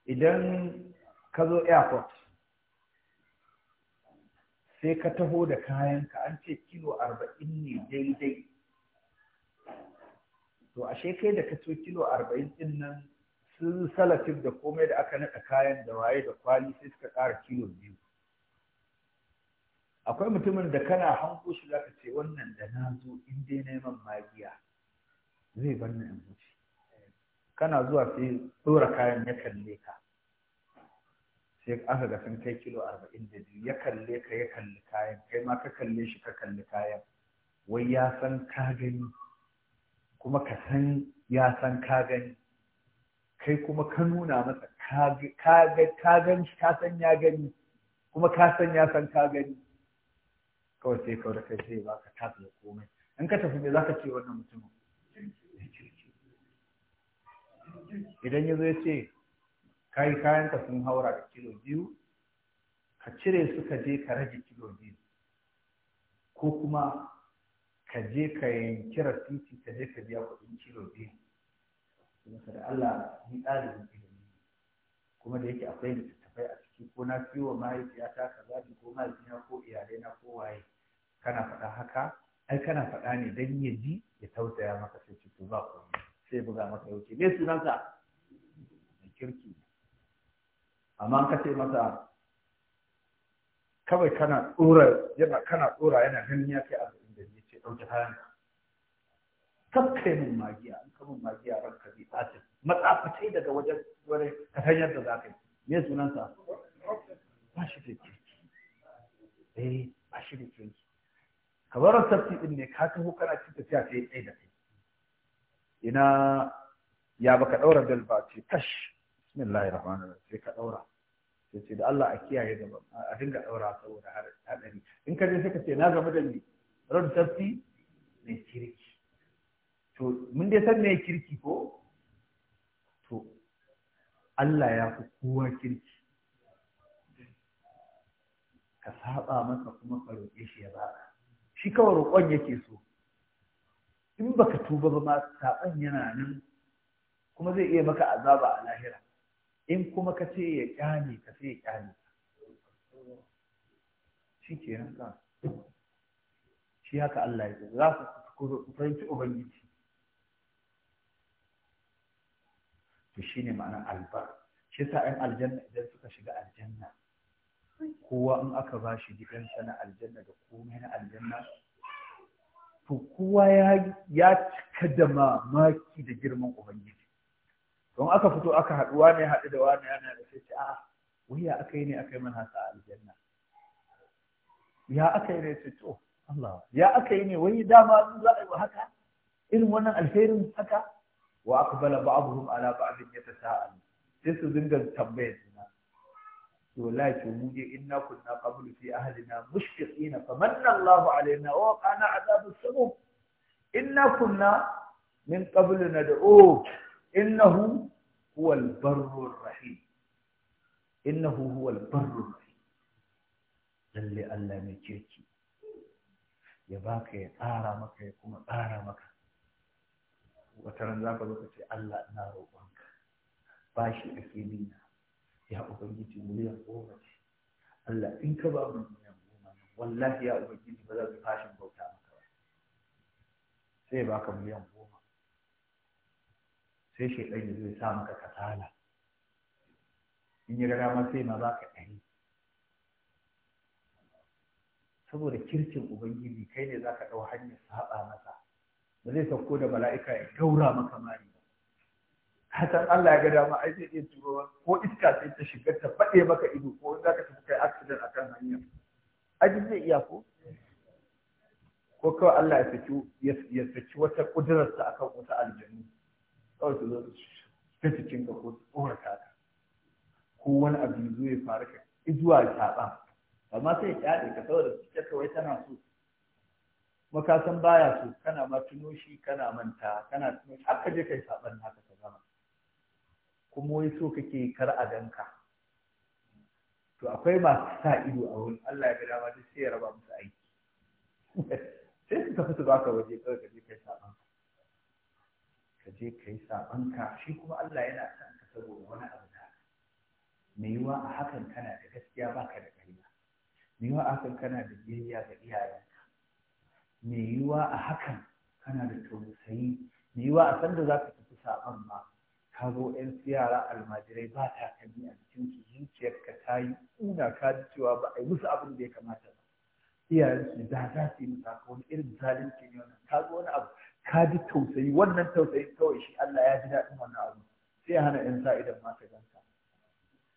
idan ka zo airport sai ka taho da kayanka an ce kilo arba'in ne daidai to ashe kai da ka kilo arba'in din nan sun salatif da komai da aka naɗa kayan da waye da kwali sai suka ƙara kilo biyu akwai mutumin da kana hanko shi ka ce wannan da na zo in dai neman magiya zai bar ni in wuce kana zuwa sai dora kayan ya kalle ka sai aka ga sun kai kilo arba'in da biyu ya kalle ka ya kalli kayan kai ma ka kalle shi ka kalli kayan wai ya san ka gani kuma ka san ya san ka gani kai kuma ka nuna masa ka gan ka san ya gani kuma ka san ya san ka gani kawai sai kawai da kai sai ba ka tafi da komai in ka tafi me za ka ce wannan mutumin idan ya zo ya ce kayan kayanka sun haura da kilo biyu ka cire su ka je ka rage kilo biyu ko kuma ka je ka yanki rasiti ka je ka biya kuɗin kilo biyu Ka da Allah ni ɗalibin ilimi kuma da yake akwai littattafai a ciki ko na fi wa mahaifiyata kaza ko mahaifiya ko iyalai na ko waye kana faɗa haka ai kana faɗa ne dan ya ji ya tausaya maka sai ce to ba ku sai buga maka ya wuce me sunanka mai kirki amma ka ce masa kawai kana ɗora yana kana tsora yana ganin ya kai abu da ya ce ɗauki kayan kakkai mun magiya an ka magiya ran ka bi ɓacin matsafatai daga wajen wani kasan yadda za ka yi me sunansa ba shi da kirki eh ba shi da kirki kabarar tafsi din ne ka taho kana cin tafiya sai yi tsaye da kai ina ya baka daura bel ba ce kash bismillahir rahmanir rahim sai ka daura sai ce da Allah a kiyaye gaba a dinga daura saboda dari in ka je sai ka ce na gaba da ni road safety ne kirki to mun dai san ne kirki ko to Allah ya fi kowa kirki ka saba masa kuma ka roƙe shi ya baka shi kawai roƙon yake so in baka tuba ba ma saɓon yana nan kuma zai iya maka azaba a lahira in kuma ka ce ya ƙyale ka sai ya ƙyale shi ke nan ka shi haka Allah ya za ku fahimci Ubangiji to shi ne ma'ana albar shi sa ‘yan aljanna idan suka shiga aljanna kowa in aka ba shi gidansa na aljanna da komai na aljanna to kowa ya cika da mamaki da girman ubangiji don aka fito aka haɗu wane haɗu da wane yana da sai ce a wuya aka yi ne aka yi mana haka a aljanna ya aka yi ne ce to Allah ya aka yi ne wai dama za a yi haka irin wannan alherin haka wa aqbala ba'dhum ala ba'dhin yatasa'al sai su dinga tambayar to la ki mu je inna kunna qablu fi ahlina mushfiqina famanna Allahu alaina wa qana azabus sum inna kunna min qablu nad'u innahu huwal barrur rahim innahu huwal barrur rahim lalle Allah mai kirki ya baka ya tsara maka ya kuma tsara maka wata ran za ka zo ka ce Allah ina roƙonka Bashi shi ake nina ya ubangiji miliyan goma ce Allah in ka ba mu miliyan goma nan wallahi ya ubangiji ba za su fashin bauta maka ba sai baka miliyan goma sai shaidan ya zai sa maka kasala in ya gara ma sai ma baka ɗari saboda kirkin ubangiji kai ne zaka ɗau hanyar saɓa masa ba zai sauko da mala'ika ya gaura maka mari hatan Allah ya ga dama ai zai iya turo ko iska sai ta shiga ta faɗe maka ido ko in zaka tafi kai accident akan hanya aji zai iya ko ko kawai Allah ya saki ya saki wata kudurarsa akan wata aljanu kawai su zo ta cikin ka ko tsorata ka ko wani abu zo ya faru ka izuwa taɓa amma sai ya ƙyaɗe ka saboda ita kawai tana so makasan baya so kana ma tuno shi kana manta kana tuno shi har ka je kai saɓan haka kuma wai so kake kar a danka to akwai masu sa ido a wurin Allah ya gada duk sai ya raba musu aiki sai su tafi su baka waje kawai ka je kai saban ka je kai saban ka shi kuma Allah yana san ka saboda wani abu da me yiwa a hakan kana da gaskiya baka da ƙarya me yiwa a hakan kana da biyayya ga iyayenka me yiwa a hakan kana da tausayi me yiwa a sanda za ka tafi saban ba. ka zo yan yara almajirai ba ta kami a cikin su zuciyarka ta yi kuna ka ji cewa ba a yi musu abin da ya kamata ba iyayen su da za su yi musu haka wani irin zalunci ne wannan ka zo wani abu ka ji tausayi wannan tausayi kawai shi Allah ya ji daɗin wannan abu sai hana yan sa idan ma ka ganka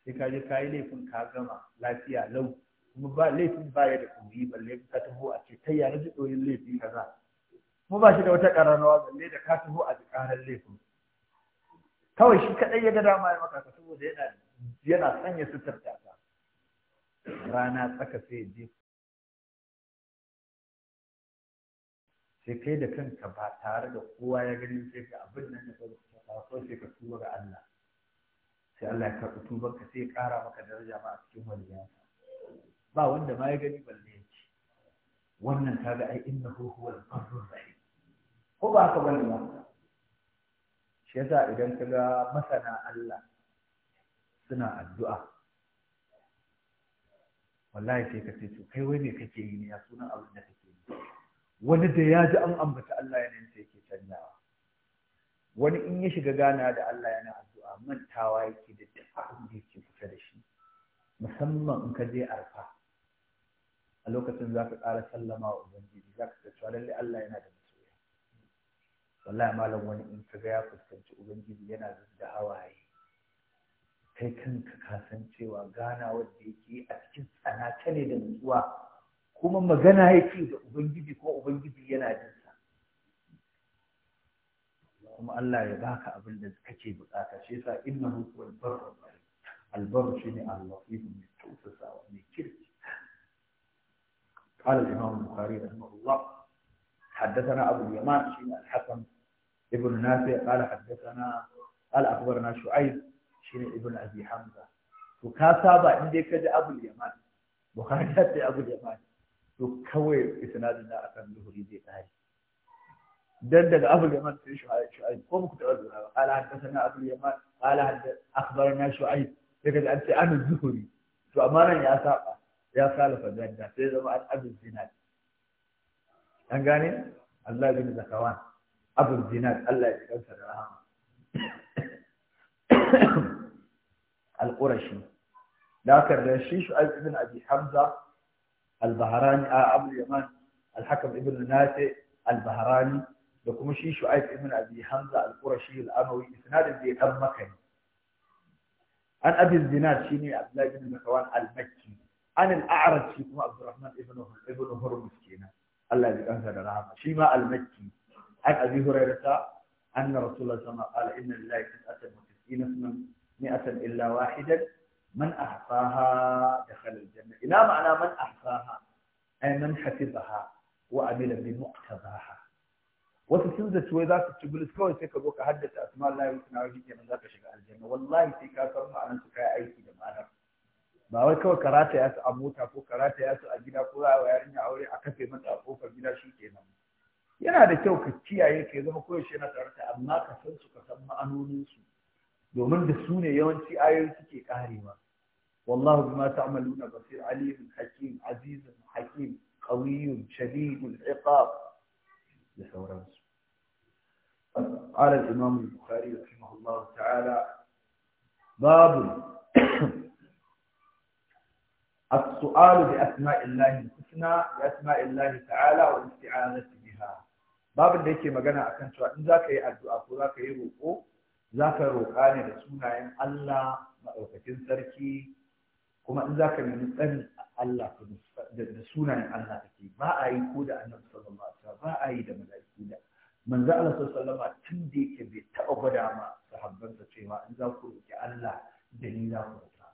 sai ka je ka yi laifin ka gama lafiya lau kuma ba laifin ba ya da ɗoyi balle ka taho a ce kai ya ji ɗoyin laifi kaza mu ba shi da wata ƙararrawa balle da ka taho a ji ƙarar laifin kawai shi kaɗai ya ga dama ya maka saboda yana yana sanya da ta rana tsaka sai je sai kai da kanka ba tare da kowa ya gani sai ka abin nan da ka sai ka tuba ga Allah sai Allah ya karɓi tuban ka sai ya ƙara maka daraja ma a cikin waliyansa ba wanda ma ya gani balle ya ce wannan kaga ai innahu huwal barrur rahim ko ba ka bane ba shi yasa idan ka ga masana Allah suna addu'a wallahi sai ka ce kai wai me kake yi ne ya suna abin da kake yi wani da ya ji an ambata Allah yana sai yake canjawa wani in ya shiga gana da Allah yana addu'a mantawa yake da duk abin da yake kusa da shi musamman in ka je arfa a lokacin za ka ƙara sallama wa ubangiji za ka cewa lallai Allah yana da wallahi malam wani in ka ga ya fuskanci ubangiji yana da hawaye kai kanka ka san cewa gana wanda yake a cikin tsanata ne da nutsuwa kuma magana yake da ubangiji ko ubangiji yana jinsa kuma Allah ya baka abin da kake bukata shi yasa innahu huwal barru albarru shine Allah, latif min tausasa wa kirki قال الإمام البخاري رحمه الله حدثنا أبو اليمان شين الحسن ابن نافع قال حدثنا قال أخبرنا شعيب شين ابن أبي حمزة وكاتب عندك أبو اليمان بخاري أبو اليمان to kawai isnadin da akan zuhuri zai tsari dan daga abul yaman sai shu'aib shu'aib ko muku taɓa zuwa ba ala haddathana abul yaman ala akhbarana shu'aib sai kaga an ce an zuhuri to amma nan ya saba ya salafa jadda sai zama an abin zinad an gane Allah zakawan abu dinar Allah ya kansa da rahama al-qurashi da aka da shi shu'aib ibn abi hamza al-bahrani abu yaman al-hakam ibn nasi al-bahrani da kuma shi shu'aib ibn abi hamza al-qurashi al-amawi isnadin da ya kan makani an abi dinar shine abdullahi ibn makawan al-makki an al-a'raj shi kuma abdurrahman ibn ibn hurmus kenan Allah ya kansa da rahama shi ma al-makki عن أبي هريرة أن رسول الله صلى الله عليه وسلم قال إن لله تسعة وتسعين اسما مئة إلا واحدا من أحصاها دخل الجنة إلى معنى من أحصاها أي من حفظها وعمل بمقتضاها وتسين ذا شوي ذاك تقول اسكو يسيك أبوك حدث أسماء الله وسنعه جيتي من ذاك شكاء الجنة والله يسيك أصرنا على سكاء أي سيدة معنى باوي كو كراتي أسو أموتا كو كراتي أسو أجينا كو أو يارين أولي أكفي من أفوفا بلا شيء كي yana da kyau ka kiyaye ka zama koyo shi na da amma ka san su ka san ma'anonin su domin da su ne yawanci ayoyi suke karewa wallahu bima ta'maluna basir alim hakim aziz hakim qawiy shadid al'iqab iqab da sauransu قال الإمام البخاري رحمه الله تعالى باب السؤال بأسماء الله الحسنى بأسماء الله تعالى والاستعاذة به babin da yake magana a kan cewa in za ka yi addu'a ko za ka yi roƙo za ka roƙa ne da sunayen Allah maɗaukakin sarki kuma in za ka nemi a Allah da sunayen Allah ke, ba a yi ko da annabi sallallahu alaihi wasallam ba a yi da mala'iku da manzo Allah sallallahu alaihi tun da yake bai taɓa gwada ma sahabbansa cewa in za ku roƙi Allah da ni za ku roƙa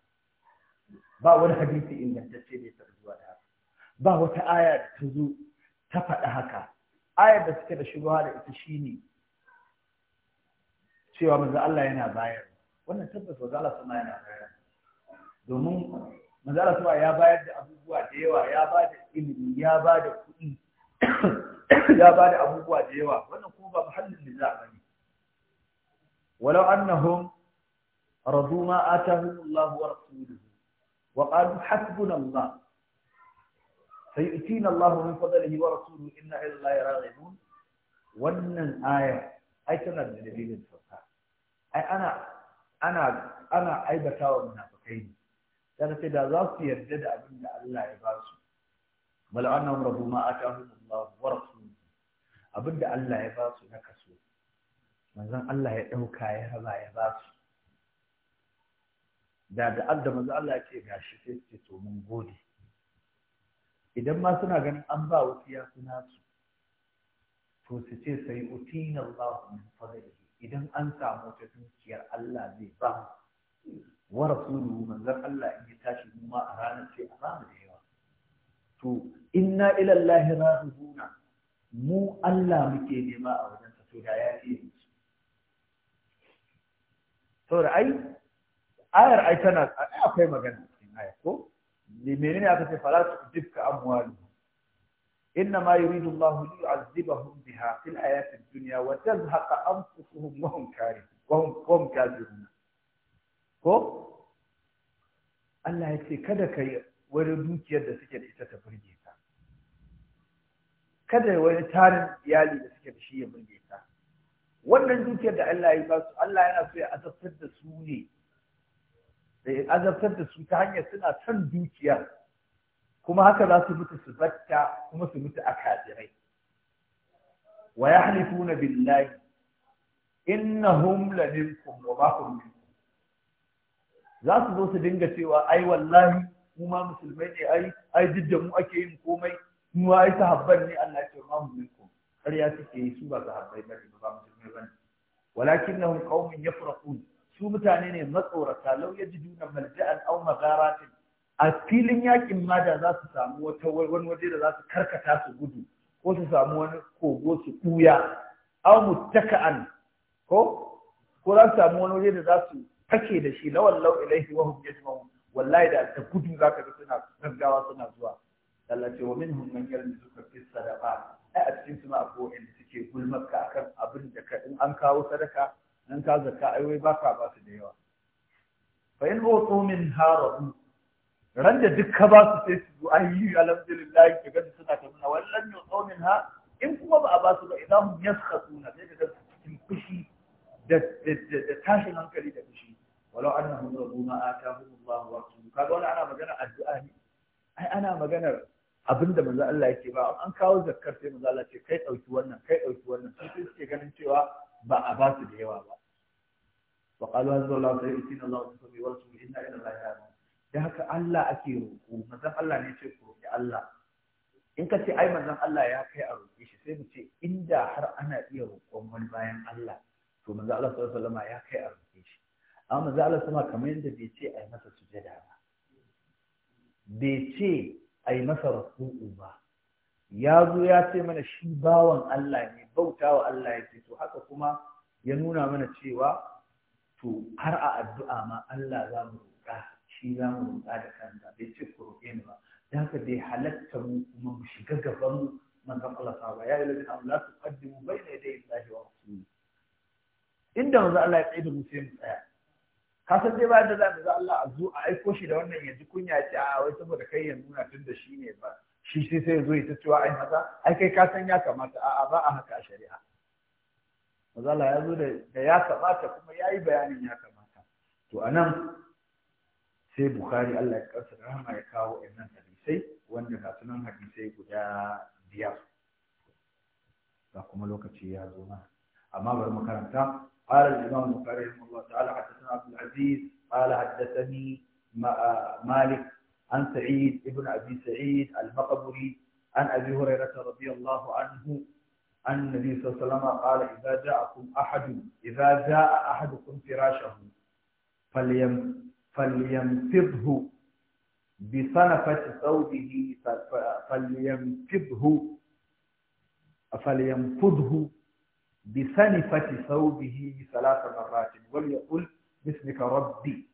ba wani hadisi ingantacce da ya taɓa zuwa da haka ba wata aya da ta zo ta faɗa haka ayar da suke da shugaba da ita shi ne. cewa Maza Allah yana bayar wannan tabbas manzo Allah sama yana bayar domin Maza Allah sama ya bayar da abubuwa da yawa ya ba da ilimi ya ba da kuɗi ya ba da abubuwa da yawa wannan kuma ba muhallin da za a bane walau annahum radu ma atahum Allah wa rasuluhu wa qalu hasbuna Allah سيؤتينا الله من فضله ورسوله إنا إلى الله راغبون wannan aya ai tana da dalilin sauka ai ana ana ana aibata wa munafikai ne dan sai da za su yarda da abin da Allah ya ba su bal annahum rabbu ma atahum Allah wa rasuluhu abin da Allah ya ba su na kaso manzon Allah ya dauka ya raba ya ba su da da adda manzon Allah ya ce gashi sai ce to mun gode idan ma suna ganin an ba wasu ya suna su to su ce sai utina Allah min fadlihi idan an samu ta dukiyar Allah zai ba wa rasulu manzar Allah in ya tashi mu ma a ranar sai a ranar da yawa to inna ila Allah rahibuna mu Allah muke nema a wajen sa to da ya ce saboda ai ayar ai tana akwai magana cikin ayar ko menene aka ce fala tujibka amwaluhum inna ma yuridu Allah li yu'azzibahum biha fil hayati ad-dunya wa tazhaqa anfusuhum wa hum karihun wa hum qawm kafirun ko Allah ya ce kada ka yi wani dukiyar da suke da ita ta burge ka kada wani tarin iyali da suke da shi ya burge wannan dukiyar da Allah ya ba su Allah yana so ya azabtar da su ne azabtar da su ta hanyar suna son dukiyar kuma haka za su mutu su zakka kuma su mutu a kafirai wa yahlifuna billahi innahum laminkum wa ma hum za su zo su dinga cewa ai wallahi mu ma musulmai ne ai ai duk mu ake yin komai mu ma ai sahabban ne Allah ya ma mu minkum har ya suke yi su ba sahabbai bane ba musulmai bane walakinnahum qaumun yafraqun su mutane ne matsorata lau ya ji duna malja'an au magaratin a filin yakin ma da za su samu wata wani waje da za su karkata su gudu ko su samu wani kogo su ɓuya au muttaka'an ko ko za su samu wani waje da za su take da shi lawan lau ilaihi wa hum yajma'un wallahi da ta gudu za ka ga suna gaggawa suna zuwa Allah ce wa minhum man yarzuka fi sadaqa a cikin su ma akwai wanda suke gulmarka akan abin da ka in an kawo sadaka dan ka zaka, ai wai baka ba su da yawa fa in utu min harabu ran da duk ka ba su sai su ai alhamdulillah ka ga suna ta nuna wallan yutu min ha in kuma ba a ba su ba idan hum suna, sai ka ga cikin fushi da tashin hankali da fushi walau annahum radu ma atahum Allah wa rasuluhu kaga wannan ana magana addu'a ne ai ana maganar abinda manzo Allah yake ba an kawo zakkar sai manzo Allah ce kai dauki wannan kai dauki wannan sai suke ganin cewa ba a ba su da yawa ba wa qalu anzur la sayyidina Allah wa sabi wa sabi inna ila ya da haka Allah ake roƙo manzon Allah ne ce ku roƙi Allah in ka ce ai mazan Allah ya kai a roƙe shi sai mu ce inda har ana iya roƙon wani bayan Allah to manzon Allah sallallahu alaihi wasallam ya kai a roƙe shi amma maza Allah sama kamar yadda bai ce ai masa sujada ba bai ce ai masa ruku'u ba ya zo ya ce mana shi bawan Allah ne bautawa Allah ce. to haka kuma ya nuna mana cewa to har a addu'a ma Allah za mu roƙa shi za mu roƙa da kanta, bai ce ku roƙe ni ba dan haka dai halatta mu kuma mu shiga gaban manzon Allah ba ya yi lalata Allah su mu bai da dai Allah ya rasuli inda manzo Allah ya tsaye da mu sai mu tsaya ka san dai ba da za mu Allah a zo a aiko shi da wannan ya yanzu kunya ce a ah, wai saboda kai ya nuna tun da shi ne ba shi sai sai zo ya ta cewa ai maza ai kai ka san ya kamata a'a ba a haka a shari'a mazala ya zo da ya kamata kuma ya yi bayanin ya kamata to a nan sai bukhari allah ya karsa da rahama ya kawo innan hadisai wanda ga sunan hadisai guda biyar ga kuma lokaci ya zo mana أما بالمكان قال الإمام البخاري رحمه الله تعالى حدثنا عبد العزيز قال حدثني مالك عن سعيد ابن أبي سعيد المقبري عن أبي هريرة رضي الله عنه أن النبي صلى الله عليه وسلم قال إذا جاءكم أحد إذا جاء أحدكم فراشه فليم فليمتضه بصنفة ثوبه فليمتضه فلينفضه بسنفة ثوبه ثلاث مرات وليقل باسمك ربي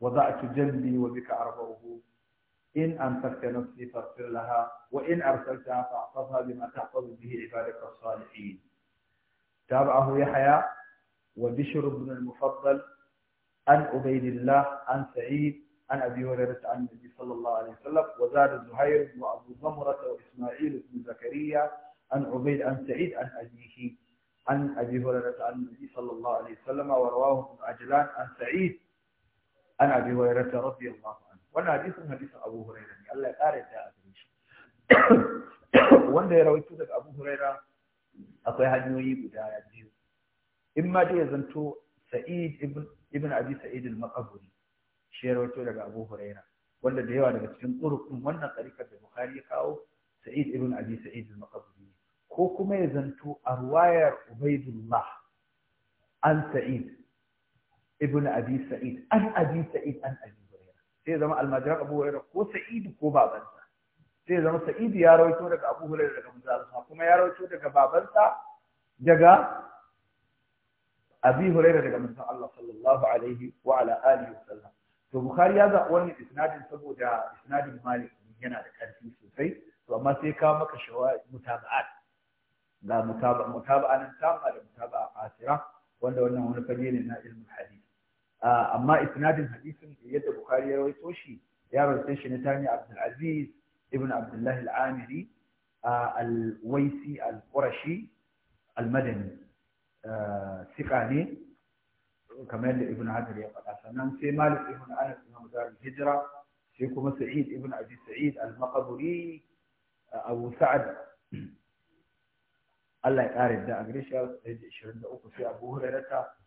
وضعت جنبي وبك أرفعه إن أمسكت نفسي فاغفر لها وإن أرسلتها فاحفظها بما تحفظ به عبادك الصالحين تابعه يحيى وبشر بن المفضل عن عبيد الله عن سعيد عن أبي هريرة عن النبي صلى الله عليه وسلم وزاد زهير وأبو زمرة وإسماعيل بن زكريا عن عبيد عن سعيد عن أبيه عن أبي هريرة عن النبي صلى الله عليه وسلم ورواه ابن عجلان عن سعيد عن أبي هريرة رضي الله عنه wannan hadisin hadisin Abu Huraira ne Allah ya kare ta a gare shi wanda ya rawaito daga Abu Huraira akwai hanyoyi guda biyu in ma dai ya zanto Sa'id ibn ibn Abi Sa'id al-Maqburi shi ya rawaito daga Abu Huraira wanda da yawa daga cikin turukun wannan tsarikar da Bukhari ya kawo Sa'id ibn Abi Sa'id al-Maqburi ko kuma ya zanto a ruwayar Ubaidullah an Sa'id ibn Abi Sa'id an Abi Sa'id an Abi sai zama almajiran abu hurairah ko sa'idu ko babansa sai zama sa'idu ya rawaito daga abu hurairah daga manzansa kuma ya rawaito daga babansa daga abi hurairah daga manzon Allah sallallahu alaihi wa ala alihi wa sallam to bukhari ya zaɓi wannan isnadin saboda isnadin malik yana da ƙarfi sosai to amma sai kawo maka shawari mutaba'at ga mutaba'a mutaba'a nan tamma da mutaba'a asira wanda wannan wani fage ne na ilmin hadisi amma isnadin hadisin yadda bukhari ya rawaito shi ya rawaito shi ne ta hanyar ibn abdullahi al-amiri al-waisi al-qurashi al-madani sika ne kamar yadda ibn hajar ya faɗa sannan sai malik ibn anas imam zarar hijira sai kuma sa'id ibn abi sa'id al-maqburi abu sa'ad Allah ya ƙara yadda a gare shi 23 sai abu hurairata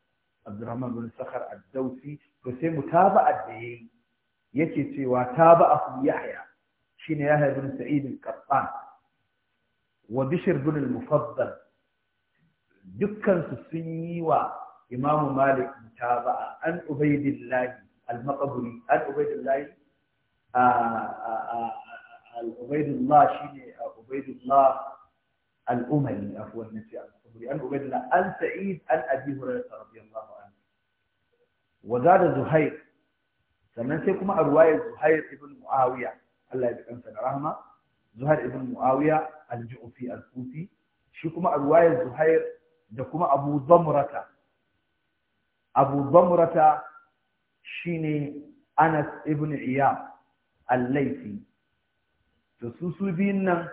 Abdurrahman bin Sakhar ad-Dawsi to sai mutaba'at da yayi yake cewa taba'ahu Yahya shine Yahya bin Sa'id al-Qattan wa Bishr bin al-Mufaddal dukkan su sun yi wa Imam Malik mutaba'a an Ubaydillah al-Maqburi an Ubaydillah a Ubaydullah shine Ubaydullah الأملي عفوا نسي عن الصبري عن عبيد الله عن سعيد عن أبي هريرة رضي الله عنه وزاد زهير sannan sai kuma a ruwayar Zuhair ibn Muawiya Allah ya ji kansa da rahama Zuhair ibn Muawiya al-Ju'fi shi kuma a Zuhair da kuma Abu Zamrata Abu Zamrata shine Anas ibn Iyab al-Laythi su nan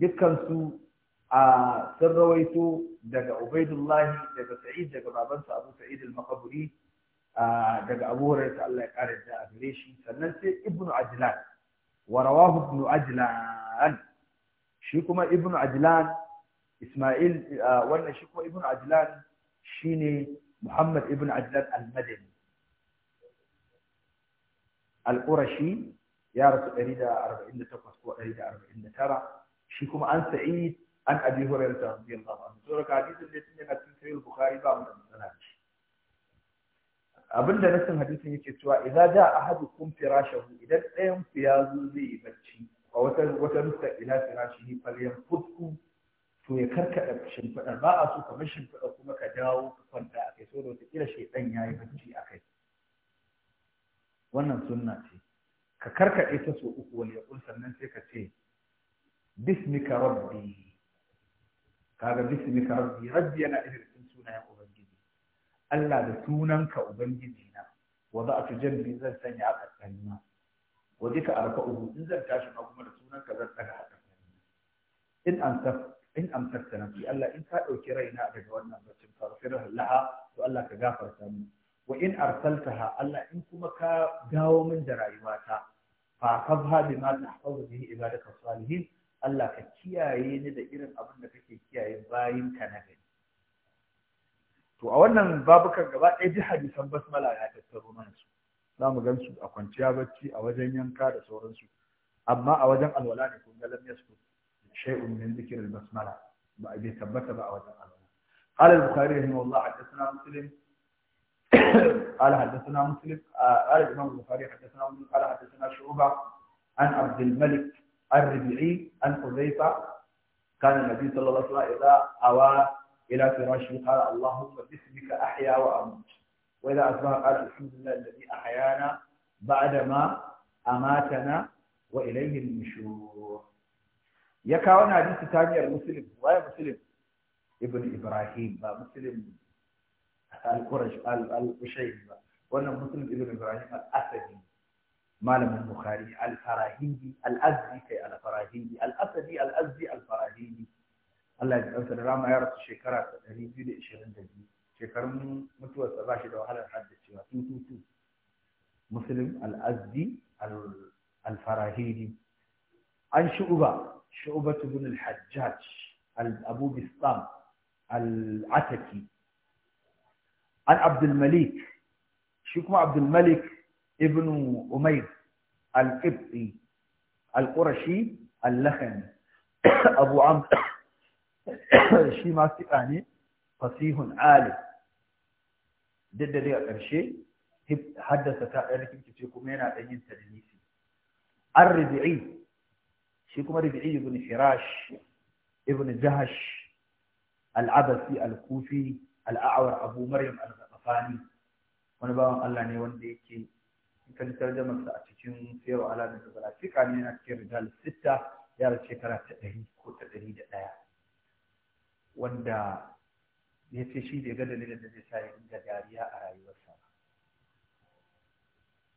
dukkan a sun rawaito daga Ubaidullahi daga Sa'id daga babansa Abu Sa'id al-Maqburi daga Abu Hurairah Allah ya kare da a gare shi sannan sai Ibn Ajlan wa rawahu Ibn Ajlan shi kuma Ibn Ajlan Isma'il wannan shi kuma Ibn Ajlan shine Muhammad Ibn Ajlan al-Madani al-Qurashi ya rasu 148 ko 149 shi kuma an Sa'id an abi hurairah radiyallahu anhu to raka hadisin ne tun yana cikin sahih bukhari ba wanda da shi abinda nasin hadisin yake cewa idza jaa ahadukum firashahu idan ɗayan ku ya zo zai yi bacci a wata wata nuska ila firashihi falyanfutku to ya karkada shimfiɗa ba a so kamar shimfiɗa kuma ka dawo ka kwanta a kai saboda wata kila shaidan ya yi bacci a kai wannan sunna ce ka karkaɗe ta so uku wal yaqul sannan sai ka ce bismika rabbi kaga bismika rabbi rabbi yana irin sun sunayen ubangiji Allah da sunanka ubangiji na wa za tu janbi zan sanya a tsakanina wa dika arka'uhu in zan tashi ma kuma da sunanka zan daga a tsakanina in an ta in amsakta nafsi Allah in ka dauki raina daga wannan baccin farfir laha to Allah ka gafarta mu wa in arsaltaha Allah in kuma ka gawo min da rayuwata fa kabha bima tahfazu bihi ibadaka salihin Allah ka kiyaye ni da irin abin da kake kiyaye bayin ka na gani to a wannan babukan gaba ɗaya ji hadisan basmala ya tattaro mana su za mu gan su a kwanciya bacci a wajen yanka da sauransu amma a wajen alwala ne kun ga lam yasku shay'un min dhikril basmala ba a bi tabbata ba a wajen alwala قال البخاري رحمه الله حدثنا مسلم قال حدثنا مسلم قال الامام البخاري حدثنا مسلم قال حدثنا شعبه عن عبد الملك الربيعي عن حذيفة كان النبي صلى الله عليه وسلم إذا أوى إلى فراشه قال اللهم باسمك أحيا وأموت وإذا أصبح قال الحمد لله الذي أحيانا بعدما أماتنا وإليه النشور يكاون حديث ثاني المسلم ويا مسلم ابن إبراهيم مسلم القرش الأشيب وأنا مسلم ابن إبراهيم الأسدي malamin bukhari al-farahidi al-azdi kai al-farahidi al-asadi al-azdi al-farahidi Allah ya kansa da rama ya rasu shekara ta biyu. shekarun mutuwarsa ba shi da wahalar haddacewa 222 muslim al-azdi al-farahidi an shu'uba shu'ubatu bin al-hajjaj abu bistam al-ataki an abdul malik shi kuma abdul ibn umayr al-qibti al-qurashi al-lakhani ne fasihun Ali. duk da ƙarshe haddasa ta ɗan rikici kuma yana da yin tadlisi an rubi'i shi kuma rubi'i ibn firash ibn jahash al-abasi al-kufi al-a'war abu maryam al-ghafani wani bawan Allah ne wanda yake ka da tarjamarsa a cikin sayarwa alamin da zara fika ne a cikin rijal yara shekara ta ɗari ko ta ɗari da ɗaya wanda ya ce shi da ga dalilin da zai sa ya dinga dariya a rayuwarsa ba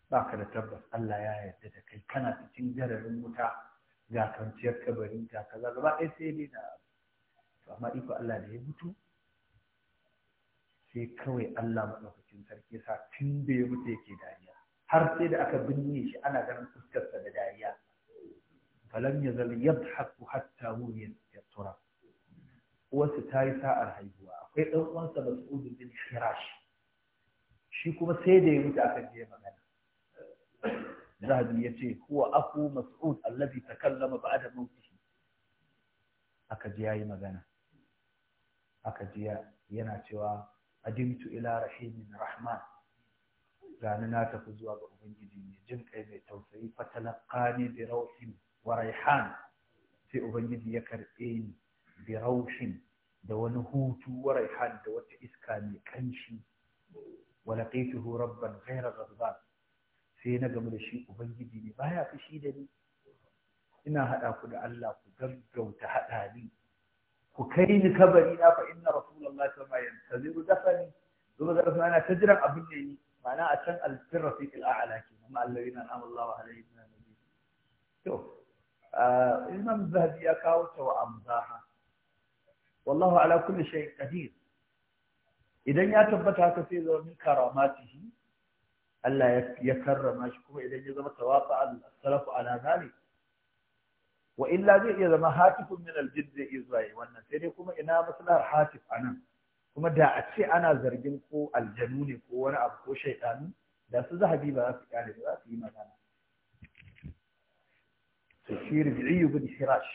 ba ka da tabbas Allah ya yarda da kai kana cikin jararin wuta ga kwanciyar kabarin ta kaza gaba ɗaya sai ne na to amma iko Allah da ya mutu sai kawai Allah maɗaukakin sarki sa tun da ya mutu yake dariya har sai da aka binne shi ana ganin fuskarsa da dariya falam ya zal yadhaku hatta ya tura uwarsa ta yi sa'ar haihuwa akwai ɗan uwansa mas'ud bin shi kuma sai da ya mutu aka je magana zahabi ya ce huwa aku mas'ud allazi takallama ba'da mawtihi aka ji yayi magana aka ji yana cewa adimtu ila rahimin rahman rana na tafi zuwa ga ubangiji mai jin kai mai tausayi fatalaqani bi rauhin wa raihan sai ubangiji ya karbe ni bi rauhin da wani hutu wa raihan da wata iska mai kanshi wa laqituhu rabban ghayra ghadban sai na gamu da shi ubangiji ne baya fushi da ni ina haɗa ku da Allah ku gaggauta haɗa ni ku kai ni kabari na fa inna rasulullahi sallallahu alaihi wasallam yantaziru dafani zuwa da rasulullahi ta jiran abin ne ni ma'ana a can alfin rafiqil a'la ke Kuma allazina an'ama Allahu alaihim minan nabiyyin to ah, imam zahabi ya kawo ta wa amzaha wallahu ala kulli shay'in qadir idan ya tabbata haka sai zo min karamatihi Allah ya karrama shi kuma idan ya zama tawafa al-salafu ala zalik wa illa zai iya zama hatifun min al-jidd izwaye wannan sai dai kuma ina maslahar hatif anan kuma da a ce ana zargin ko aljanu ne ko wani abu ko shaidanu da su zahabi ba za su kyale ba za su yi magana to shi rubi'i bin hirash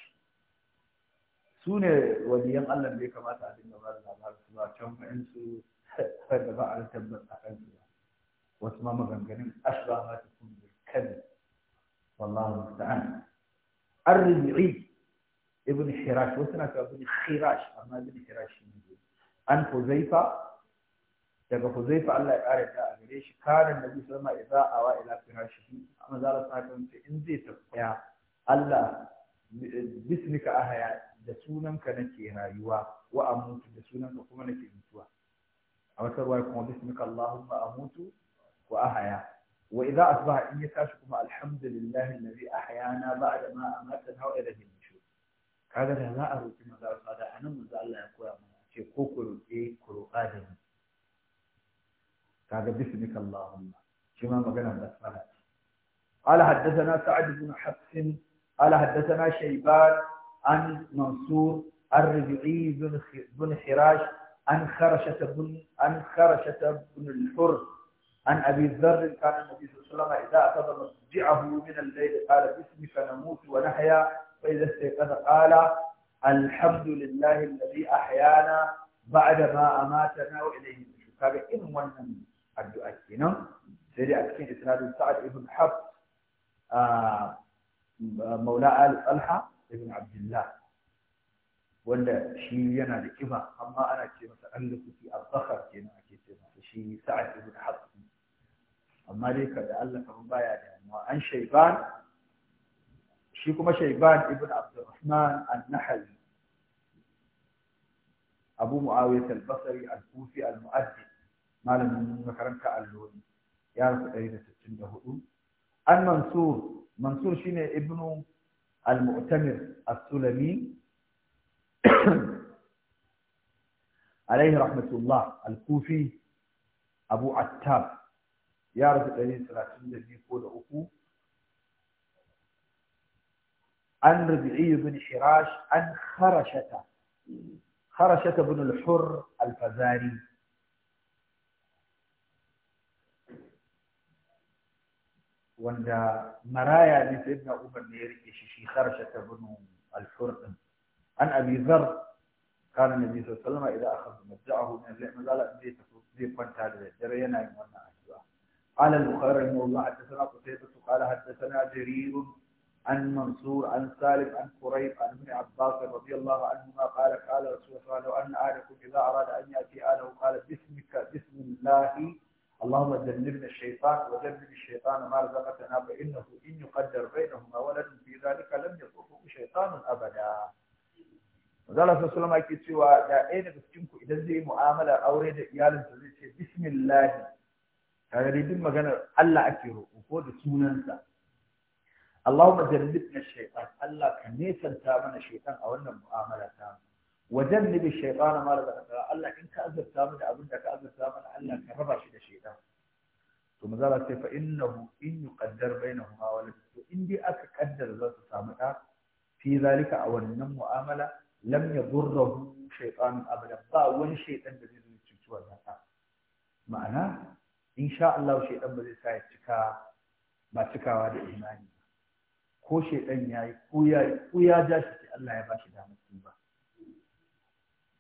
su ne waliyan Allah da ya kamata a dinga da labarin su ba can fa'in su da ba a tabbata a kan su ba wasu ma maganganun ashba ma ta kun kan wallahu musta'an ar-rubi'i ibn shirash, wasu na cewa ibn shirash amma ibn shirash ne an huzaifa daga huzaifa Allah ya kare ta a gare shi kare nabi sallama idza awa ila firashihi amma zara sakan ce in zai tafiya Allah bismika ahaya da sunanka nake rayuwa wa amutu da sunanka kuma nake mutuwa a wata ruwaya kuma bismika Allahumma amutu wa ahaya wa idza asbaha in ya tashi kuma alhamdulillahi alladhi ahyana ba'da ma amatana wa ilayhi nushur kaga da za a roki manzo Allah da anan manzo Allah ya koya mana ce ko ku roƙe ku roƙa da ni kaga bismika قال حدثنا سعد بن حفص قال حدثنا شيبان عن منصور الربيعي بن حراش عن خرشة بن عن خرشة بن الحر عن أبي ذر كان النبي صلى الله عليه وسلم إذا أتى مضجعه من الليل قال باسمك نموت ونحيا فإذا استيقظ قال Alhamdu alhamdulillahi alladhi ahyana ba'da ma amatana wa ilayhi nushur kaga irin wannan addu'a kenan sai dai a cikin isnadin sa'ad ibn hab maula al talha ibn abdullah wanda shi yana da kiba amma ana ce masa allakuti al-zakhar kenan ake ce masa shi sa'ad ibn hab amma dai kada Allah kan baya da mu an shayban shi kuma shaiban ibn abdurrahman an-nahli abu muawiyah al-basri al-kufi al-mu'addi malamin makaranta alloli ya rasu 164 an mansur mansur shine ibnu al-mu'tamir as-sulami عليه رحمة الله الكوفي أبو عتاب يعرف الذي ثلاثين ko da uku. عن ربيعي بن حراش عن خرشة خرشة بن الحر الفزاري وعند مرايا لسيدنا عمر نيري شي خرشة بن الحر عن ابي ذر قال النبي صلى الله عليه وسلم اذا اخذ مزعه من اللحم لا لا دي دي بوينت هذا درينا قال البخاري رحمه الله حدثنا قتيبة قال حدثنا جرير عن منصور عن سالم عن قريب عن ابن عباس رضي الله عنهما قال قال رسول الله لو أن أهلكم إذا أراد أن يأتي أهله قال باسمك بسم الله اللهم جنبنا الشيطان وجنب الشيطان ما رزقتنا فإنه إن يقدر بينهما ولد في ذلك لم يطرقه شيطان أبدا Zala sun sulama ke cewa da ɗaya daga cikinku idan zai yi mu'amalar aure da iyalinsa zai ce bismillahi tare da duk maganar Allah ake roƙo ko da sunansa Allahumma jannibna shaytan Allah ka nesanta mana shaytan a wannan mu'amala ta wa jannibi shaytana ma razaqtana Allah in ka azurta mana abin da ka azurta mana Allah ka raba shi da shaytan to mazala sai fa innahu in yuqaddar bainahuma walad to in dai aka kaddara za su samu da fi zalika a wannan mu'amala lamya yadurruhu shaytan abada ba wani shaytan da zai zo cuci wannan ma'ana in Allah shaiɗan ba zai sa ya cika ba cikawa da imani ko shaidan ya yi ko ya ja shi sai Allah ya ba shi damar ba.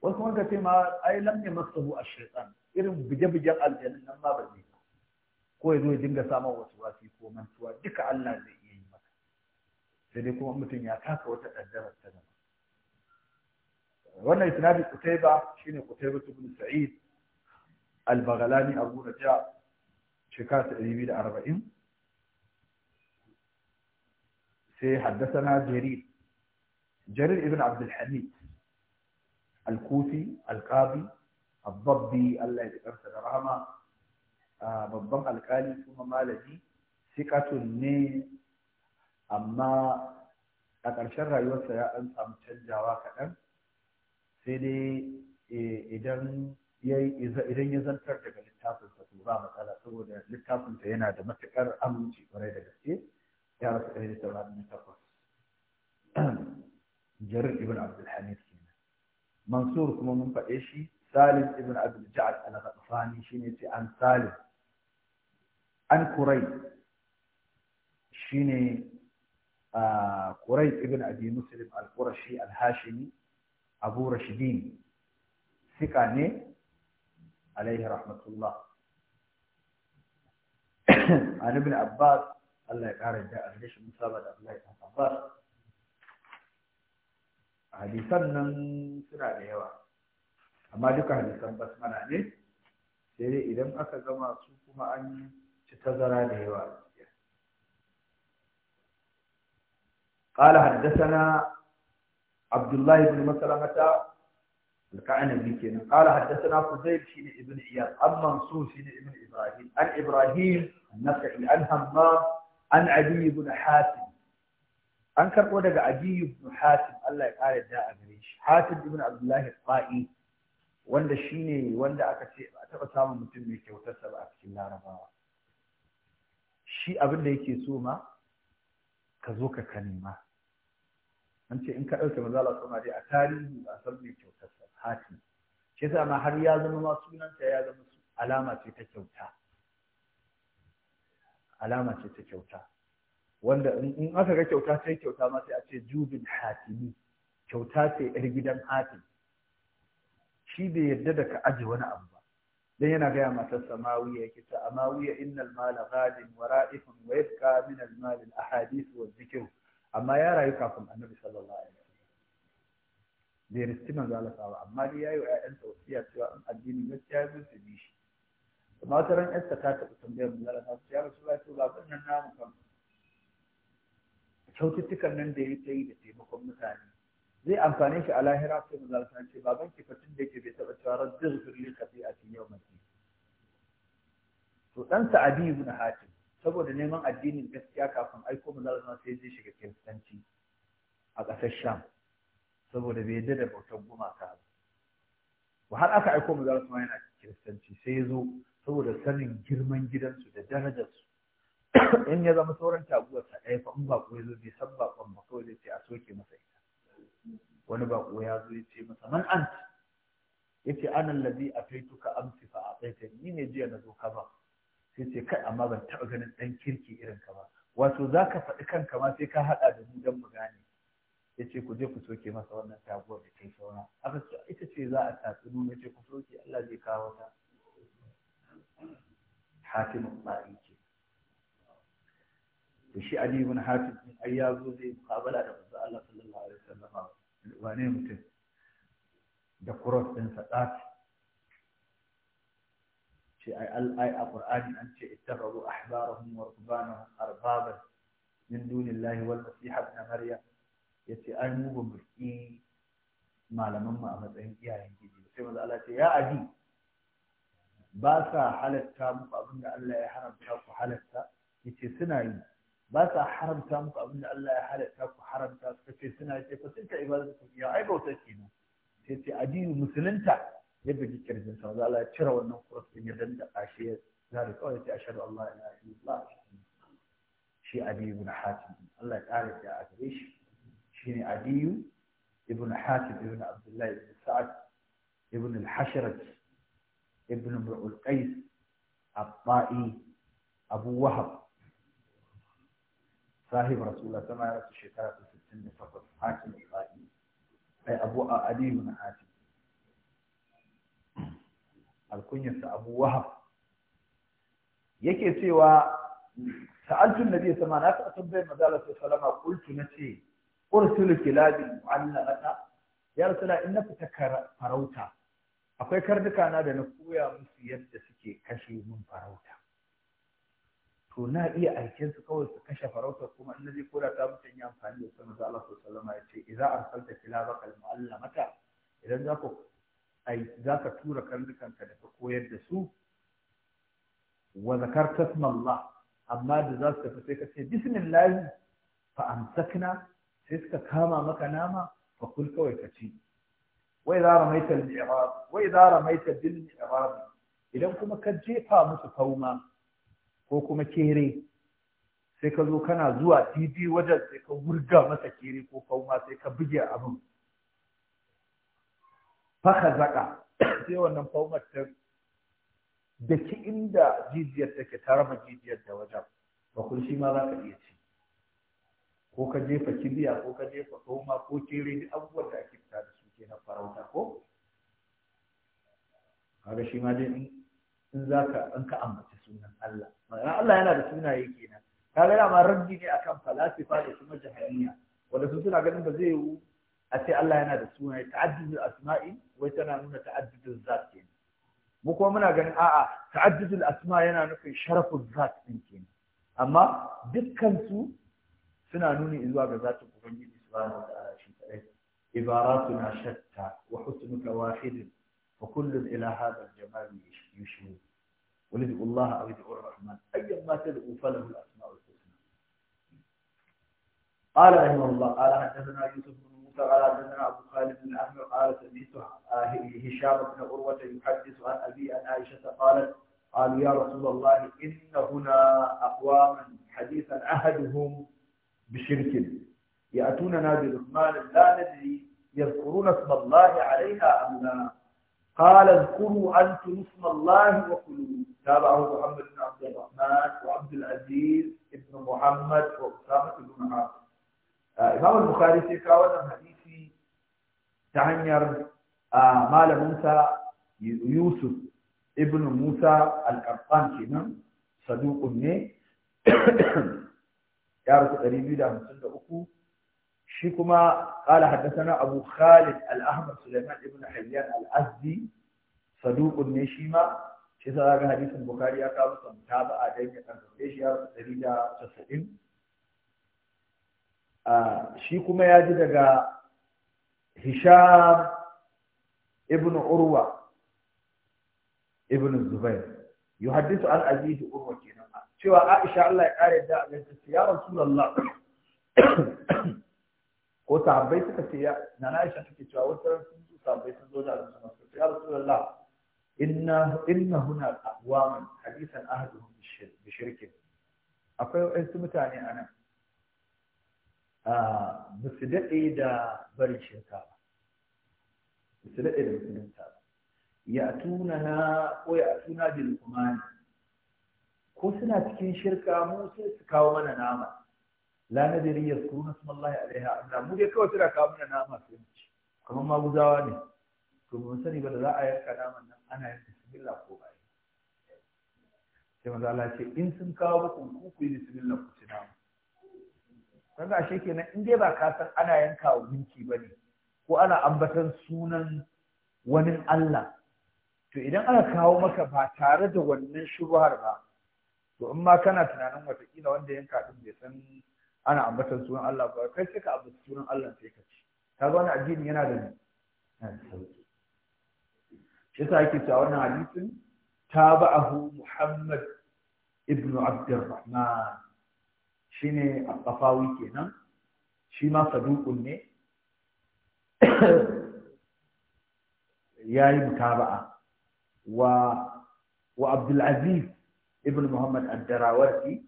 wasu wanda ce ma ai lam ne a shaitan irin buge-bugen aljanun nan ma ba zai ko ya zo ya dinga samun wasu wasi ko mantuwa duka Allah zai iya yi maka sai dai kuma mutum ya taka wata ƙaddarar ta zama wannan isnadi kutaiba shine kutaiba ibn sa'id al-baghlani abu raja shekara 240 sai haddasana jarir jarir ibn abdul hamid al-kufi al-qadi al Allah ya karsa da rahama babban alkali kuma malami sikatun ne amma a ƙarshen rayuwarsa ya ɗan samu canjawa kaɗan sai dai e, idan ya zantar daga littafinsa to ba matsala saboda littafinsa yana da matuƙar aminci kwarai da gaske ya rasu ɗari da saba'in da takwas jarir ibn abdulhamid kenan mansur kuma mun faɗe shi salim ibn abdul ja'ad al-ghatfani shine ce an salim an kurai shine kurai ibn abi muslim al-qurashi al-hashimi abu rashidin sika ne alaihi rahmatullah an abbas Allah ya ƙara da a Musa da Allah ya hadisan nan suna da yawa amma duka hadisan mana ne sai idan aka gama su kuma an ci tazara da yawa قال حدثنا عبد الله بن مسلمة الكعنبي كان قال حدثنا فضيل شين ابن عياض عن منصور شين ابن ابراهيم عن ابراهيم النخعي عن همام an abi ibn hatim an karɓo daga abi ibn hatim Allah ya ƙara da a gare shi hatim ibn abdullahi qa'i wanda shine wanda aka ce ba taɓa samun mutum mai kyautar sa ba a cikin larabawa shi abin da yake so ma ka zo ka kani ma. an ce in ka ɗauke maza Allah kuma dai a tarihi ba san mai kyautar sa hatim Kisa ma har ya zama ma sunanta ya zama alama ce ta kyauta alama ce ta kyauta wanda in aka ga kyauta sai kyauta ma sai a ce jubin hatimi kyauta ce yar gidan hatim shi bai yarda da ka aji wani abu ba dan yana gaya matar samawiya yake ta amawiya innal mala ghadin wa ra'ifun wa yabqa min al mal al ahadith wa dhikr amma ya rayu kafin annabi sallallahu alaihi wasallam bai risti manzo Allah amma dai yayi wa ƴaƴansa wasiya cewa in addini gaskiya zai bi shi amma wata ta taɓa tambayar mu lalata su ya rasu lafi ba zan nan namu kan kyaututtukan nan da ya ta yi da taimakon mutane zai amfane shi a lahira sai mu ta ce baban kifatin da ke bai taɓa cewa rabbir firli kafi a cikin yau mace to ɗansa abi ibn hatim saboda neman addinin gaskiya kafin aiko mu lalata sai zai shiga kiristanci a ƙasar sham saboda bai yadda da bautar gumaka ba har aka aiko mu lalata yana kiristanci sai ya zo saboda sanin girman gidansu da darajarsu in ya zama sauran taguwarsa ɗaya fa in baƙo ya zo bai san baƙon ba kawai zai ce a soke masa ita wani baƙo ya zo ya ce masa man an ya ce anan lazi a tuka amsi fa a faita ni ne jiya na zo ka ba sai ce kai amma ban taɓa ganin ɗan kirki irin ka ba wato za ka faɗi kanka ma sai ka haɗa da mu don mu gane ya ce ku je ku soke masa wannan taguwar da ta yi saura aka ce ita ce za a tatsi ya ce ku soke Allah zai kawo ta hatim al-ba'i ke to shi ali ibn hatim ai ya zo zai mukabala da manzo Allah sallallahu alaihi wasallam wane mutum da cross din sa dati ce ai al-ai a qur'ani an ce ittakhadhu ahbarahum wa rubbanahum arbaban min dunillahi wal masiha ibn maryam yace ai mu ba mu malaman mu a matsayin iyayen gidi sai manzo Allah ce ya abi ba sa halatta muku abin da Allah ya haramta ku halatta yace suna yi ba sa haramta muku abin da Allah ya halatta ku haramta suka ce suna ce fa sun ka ibadatu ya ai bauta kenan sai ce addini musulunta ya bugi kirjin sa Allah ya cire wannan kuras din ya danda ashe ya zari kawai ce ashhadu Allah la ilaha illallah shi adiyu ibn hatim Allah ya kare shi a gare shi shine adiyu ibn hatim ibn abdullah ibn sa'ad ibn al-hashraj ibn Mur'ul Qais Abba'i Abu Wahab sahib Rasulullah sama ya rasu shekara ta 68 hakim Abba'i ai Abu Ali ibn Hatim alkunyarsa Abu yake cewa sa'altun nabi sama na ta tambaye mazala sai salama kultu na ce ursulu kilabi mu'allamata ya rasula in na fita farauta akwai karnuka na da na koya musu yadda suke kashe min farauta to na iya aikin su kawai su kashe farautar kuma in zai koda ta mutum ya amfani da sanar da Allah sosai alaihi ya ce idza arsalta kilabaka almuallamata idan za Idan za ka tura karnukanka da ka koyar da su wa zakarta Allah amma da za su tafi sai ka ce bismillah fa amsakna sai suka kama maka nama fa kul kawai ka ci Wai idza ramaita al-mi'rab wa idan kuma ka jefa musu kauma ko kuma kere sai ka zo kana zuwa didi wajen sai ka wurga masa kere ko kauma sai ka buge abin faka zaka sai wannan kaumar ta ki inda jijiyar take tarama jijiyar da wajen ba kun shi ma za ka iya ci ko ka jefa kibiya ko ka jefa kauma ko kere duk abubuwan da ake fita da na farauta ko kaga shi ma dai in za ka in ka ambaci sunan Allah ma'ana Allah yana da sunaye kenan kaga ma raddi ne akan falasifa da kuma jahiliya wanda su suna ganin ba zai yiwu a ce Allah yana da sunaye ta'addudul asma'i wai tana nuna ta'addudul zat kenan mu kuma muna ganin a'a ta'addudul asma yana nufin sharaful zat din kenan amma dukkan su suna nuni zuwa ga zatin ubangiji subhanahu wa عباراتنا شتى وحسنك واحد وكل إلى هذا الجمال يشوي ولدعوا الله أو ادعوا الرحمن أيا ما تدعو فله الأسماء الحسنى قال رحمه الله قال حدثنا يوسف بن موسى قال حدثنا أبو خالد بن أحمد قال سمعت هشام بن عروة يحدث عن أبي ان عائشة قالت قالوا يا رسول الله إن هنا أقواما حديثا أحدهم بشرك يأتوننا برحمن لا ندري يذكرون اسم الله عليها أم لا قال اذكروا أنتم اسم الله وكلوا تابعه محمد بن عبد الرحمن وعبد العزيز بن محمد وأسامة بن عاصم إمام البخاري في كاونا حديثي تهنير مال موسى يوسف ابن موسى القرطان كنا صدوق ne ya rasu 253 shi kuma kala haddasana abu khalid al-ahmar sulaiman ibn hayyan al-azdi saduqun ne shi ma shi sa ga hadisin bukhari ya kawo sa mutaba'a dan ya karbe shi ya shi kuma ya ji daga hisham ibn urwa ibn zubair yuhaddisu an aziz urwa kenan cewa aisha Allah ya kare da a gaskiya ya rasulullah ko sahabbai suka ce ya na Aisha take cewa wata sun zo sahabbai sun zo da Annabi sallallahu ya Rasulullah inna inna huna aqwaman hadithan ahaduhum bi shirki akwai wasu mutane anan a ah, ba su da barin shirka ba su daɗe da musulunta ba ya tuna na ko ya tuna bil kumani ko suna cikin shirka mu sai su kawo mana nama la nadiri Allah ya alaiha amna mu dai kawai tura kawo mana nama su mu ci kamar guzawa ne to mun sani ba da za a yanka naman nan ana yin bismillah ko ba sai maza Allah ce in sun kawo muku ku ku yi bismillah ku ci nama ga shi kenan in dai ba ka san ana yanka wa minki ne, ko ana ambatan sunan wani Allah to idan aka kawo maka ba tare da wannan shubhar ba to in ma kana tunanin wata kila wanda yanka din bai san ana ambatar sunan Allah ba kai sai ka ambaci sunan Allah sai ka ci kaga wannan addini yana da shi yasa ake cewa wannan hadisin tabahu Muhammad ibn Abdurrahman shine al-Qafawi kenan shi ma saduqun ne yayi mutaba'a wa wa Abdul Aziz ibn Muhammad ad-Darawardi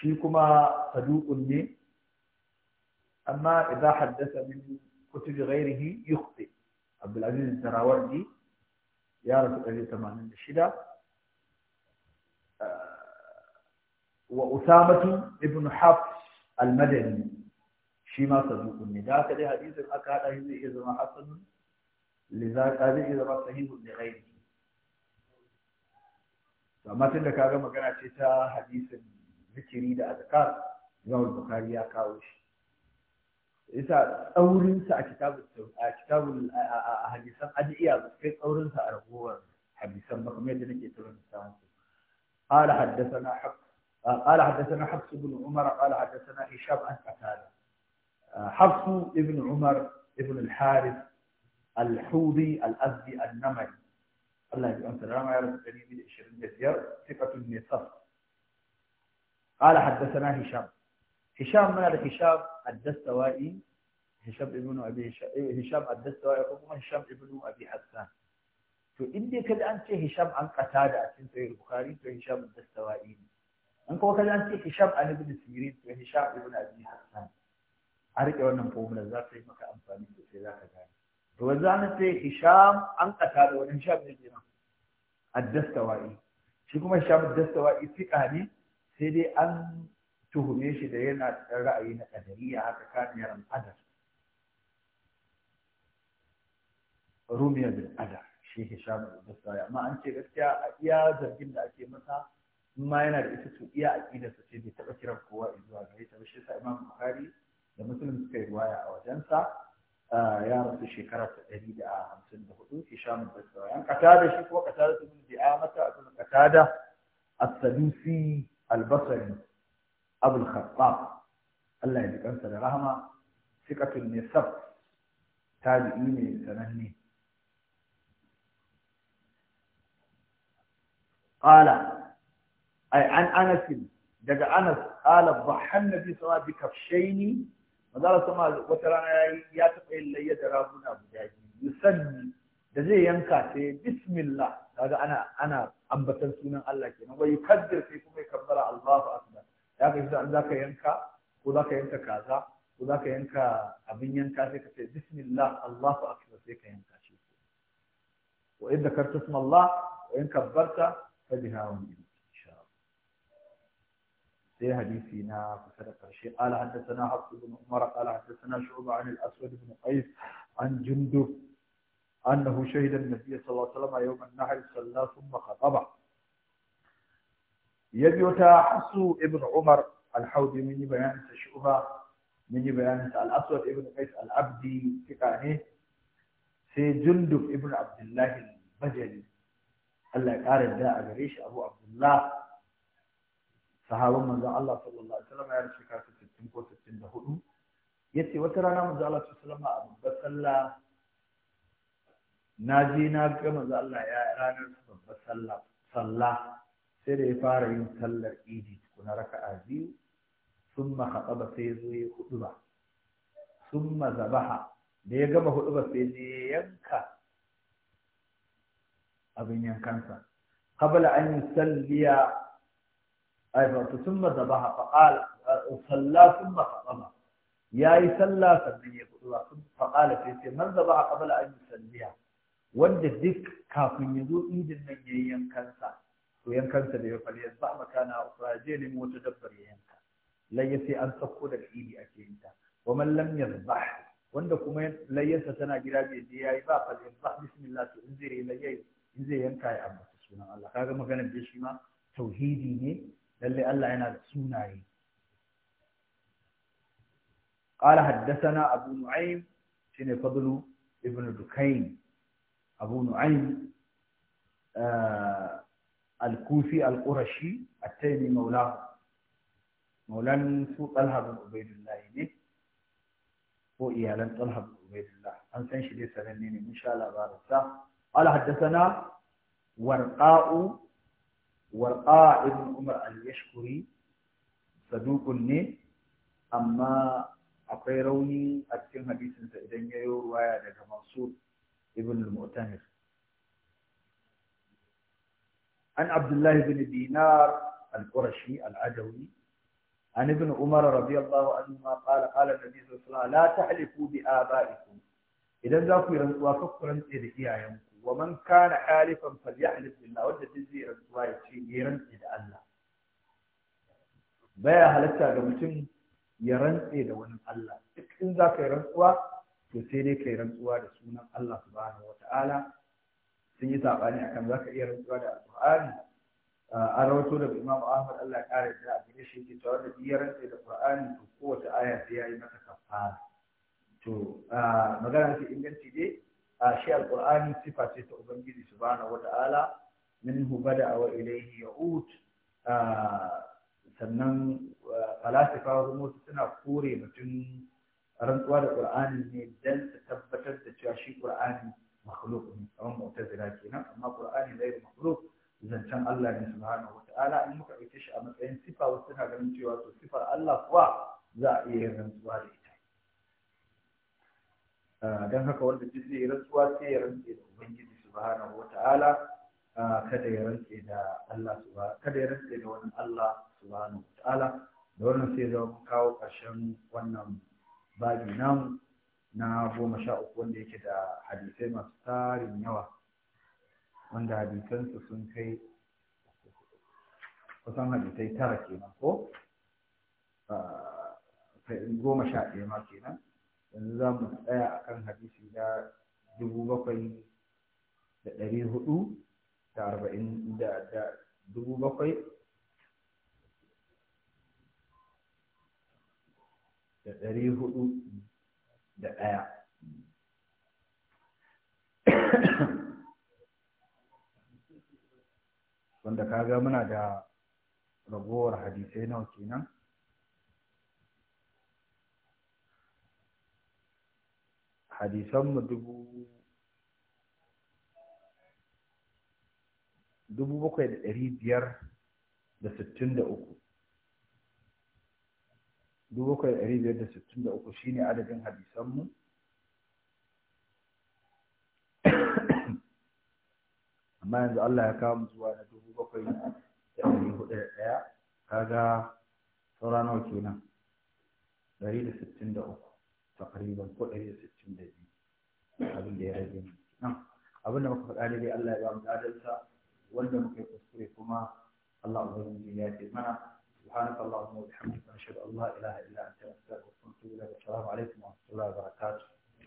shi kuma saduqun ne amma idan haddasa min kutu kutubi ghairihi yukhti Abdul Aziz Tarawardi ya rasu 86 wa Usamatu ibn Hafs al-Madani shi ma saduqun ne da ka dai hadisin aka hada shi zai zama hasan liza lizaka zai zama sahihu li ghairihi amma tun da kaga magana ce ta hadisin zikiri da azkar imam bukhari ya kawo shi isa tsaurinsa a kitabun a kitabun a hadisan adiya kai tsaurinsa a ragowar hadisan ba kamar yadda nake tura misalin su قال حدثنا حفص قال حدثنا حفص بن عمر قال حدثنا هشام عن قتاده حفص بن عمر بن الحارث الحوضي الازدي النمري الله يجزاه خيرا ما يعرف الجنين 25 ثقة النصف قال حدثنا هشام هشام من هذا هشام الدستوائي هشام ابن ابي إيه، هشام الدستوائي ربما هشام ابن ابي حسان تو اندي كذا انت هشام عن قتادة انت البخاري تو هشام الدستوائي انك وكذا انت هشام عن ابن سيرين تو هشام ابن ابي حسان عارف يوانا مقوم لذات في مكة أمفاني في ذاك ذلك فوزانة هشام عن قتادة هشام ابن الدستوائي شكما هشام الدستوائي في قهدي sai dai an tuhume shi da yana da ra'ayi na ƙadariya haka kaniyar adar rumiya bil adar shi hisham al-basri amma an ce gaskiya a iya zargin da ake masa ma yana da ita to iya aqida sa ce bai taba kiran kowa zuwa gare ta shi sa imam bukhari da muslim suka yi riwaya a wajensa ya rasu shekara ta ɗari da hamsin da hudu hisham al-basri an katada shi ko katada ibn bi'amata ibn katada as-sadusi البصري أبو الخطاب الله يجبان سلرهما ثقة النسب تابعين سنهني قال أي عن أنس دقى أنس قال الضحى النبي صلى الله عليه بكفشيني وقال ثم وترانا يا إلا اللي يدرابنا أبو جاجي يسمي دزي ينكاتي بسم الله kaga ana ana ambatan sunan Allah kenan wai kaddar sai kuma kabbara Allahu akbar ya ka idan ka yanka ko zaka yanka kaza ko zaka yanka abin yanka sai ka ce bismillah Allahu akbar sai ka yanka shi wa idza kartu isma Allah wa in kabbarta fa biha wa insha Allah sai hadisi na kusa da karshe qala hadathana hafiz ibn umar qala hadathana shu'ba an al-aswad ibn qais an jundub أنه شهد النبي صلى الله عليه وسلم يوم النحر صلى ثم خطبه يبيوتا حسو ابن عمر الحوضي مني بيان تشوها مني بيان الأسود ابن قيس العبدي تقاني سي جندب ابن عبد الله المجلي الله يقارن دا أغريش أبو عبد الله sahabin manzon Allah sallallahu alaihi wasallam ya rasu kasu 60 ko 64 yace wata rana manzon Allah sallallahu alaihi wasallam a babbar sallah na je na ga manzo Allah ya ranar babbar sallah sallah sai da ya fara yin sallar idi kuna raka'a biyu summa khataba sai zo ya huduba summa zabaha da ya gama huduba sai ya yanka abin yankansa qabla an yusalliya fa summa zabaha fa qala salla summa khataba yayi salla sannan ya huduba fa qala sai man zabaha qabla an yusalliya wanda duk kafin ya zo idin nan ya yi yankansa to yankansa da ya fali ya ba makana a kuraje ne wata dabbar ya yanka layya sai an sauko daga idi ake yin ta wa man lam yazbah wanda kuma layyarsa tana gida bai je yayi ba fali ba, bismillah to in zai layya in zai yanka ya amma sunan Allah kaga magana da shi ma tauhidi ne lalle Allah yana da sunaye قال حدثنا أبو نعيم شنو فضل ابن دكين abu nu'aym al-kufi al-qurashi at-taymi maulahu maulan su talha bin ne ko iyalan talha bin an san shi dai sananne ne insha Allah barasa qala haddathana warqa'u warqa ibn umar al-yashkuri saduqun ne amma akwai rauni a cikin hadisinsa idan ya yi ruwaya daga masu. ابن المؤتمر عن عبد الله بن دينار القرشي العدوي عن ابن عمر رضي الله عنهما قال قال النبي صلى الله عليه وسلم لا تحلفوا بآبائكم إذا ذاكوا يرنسوا فكوا رنسوا لإياهم ومن كان حالفا فليحلف بالله ودى تزير رنسوا في إيران إذا halatta ga mutum ya rantse da wani إذا duk in to sai dai kai rantsuwa da sunan Allah subhanahu wata'ala sun yi sabani akan zaka iya rantsuwa da alqur'ani a rawato da Imam Ahmad Allah ya kare a abin shi ke tawar da iya rantsa da Qur'ani to kowace aya sai yayi mata kafara to magana ce inganci dai a shi alqur'ani sifa ce ta ubangiji subhanahu wata'ala minhu bada wa ilayhi ya'ud sannan falasifa wasu suna kore mutum rantsuwa da qur'ani ne dan ta tabbatar da cewa shi qur'ani makhluk ne kamar mu'tazila kenan amma qur'ani zai makhluk zancen Allah ne subhanahu wata'ala in muka ɗauke shi a matsayin sifa wasu suna ganin cewa to sifar Allah kuwa za a iya yin rantsuwa da ita ah, Dan haka wanda duk zai rantsuwa sai ya rantse da ubangiji subhanahu wata'ala ah, kada ya rantse da Allah subhanahu kada ya rantse da wani Allah subhanahu wata'ala da wannan sai zama kawo ƙarshen wannan babi namu na goma sha uku wanda yake da hadisai masu tarin yawa wanda hadisansu sun kai kusan hadisai tara kenan ko ah, goma sha ɗaya ma kenan yanzu za mu tsaya a kan hadisi na dubu bakwai da ɗari hudu da arba'in da dubu bakwai da ɗari hudu da ɗaya wanda kaga muna da ragowar hadisai nawa kenan hadisanmu dubu dubu bakwai da ɗari biyar da sittin da uku 7563 shine adadin hadisanmu amma yanzu Allah ya kawo zuwa na 7401 kaga saura nawa kenan 163 takariban ko 162 abin da ya rage nan abin da muka faɗa ne dai Allah ya ba mu adalta wanda muka yi kuskure kuma Allah ubangiji ya ce mana سبحانك اللهم وبحمدك نشهد ان لا اله الا انت نستغفرك ونتوب اليك والسلام عليكم ورحمه الله وبركاته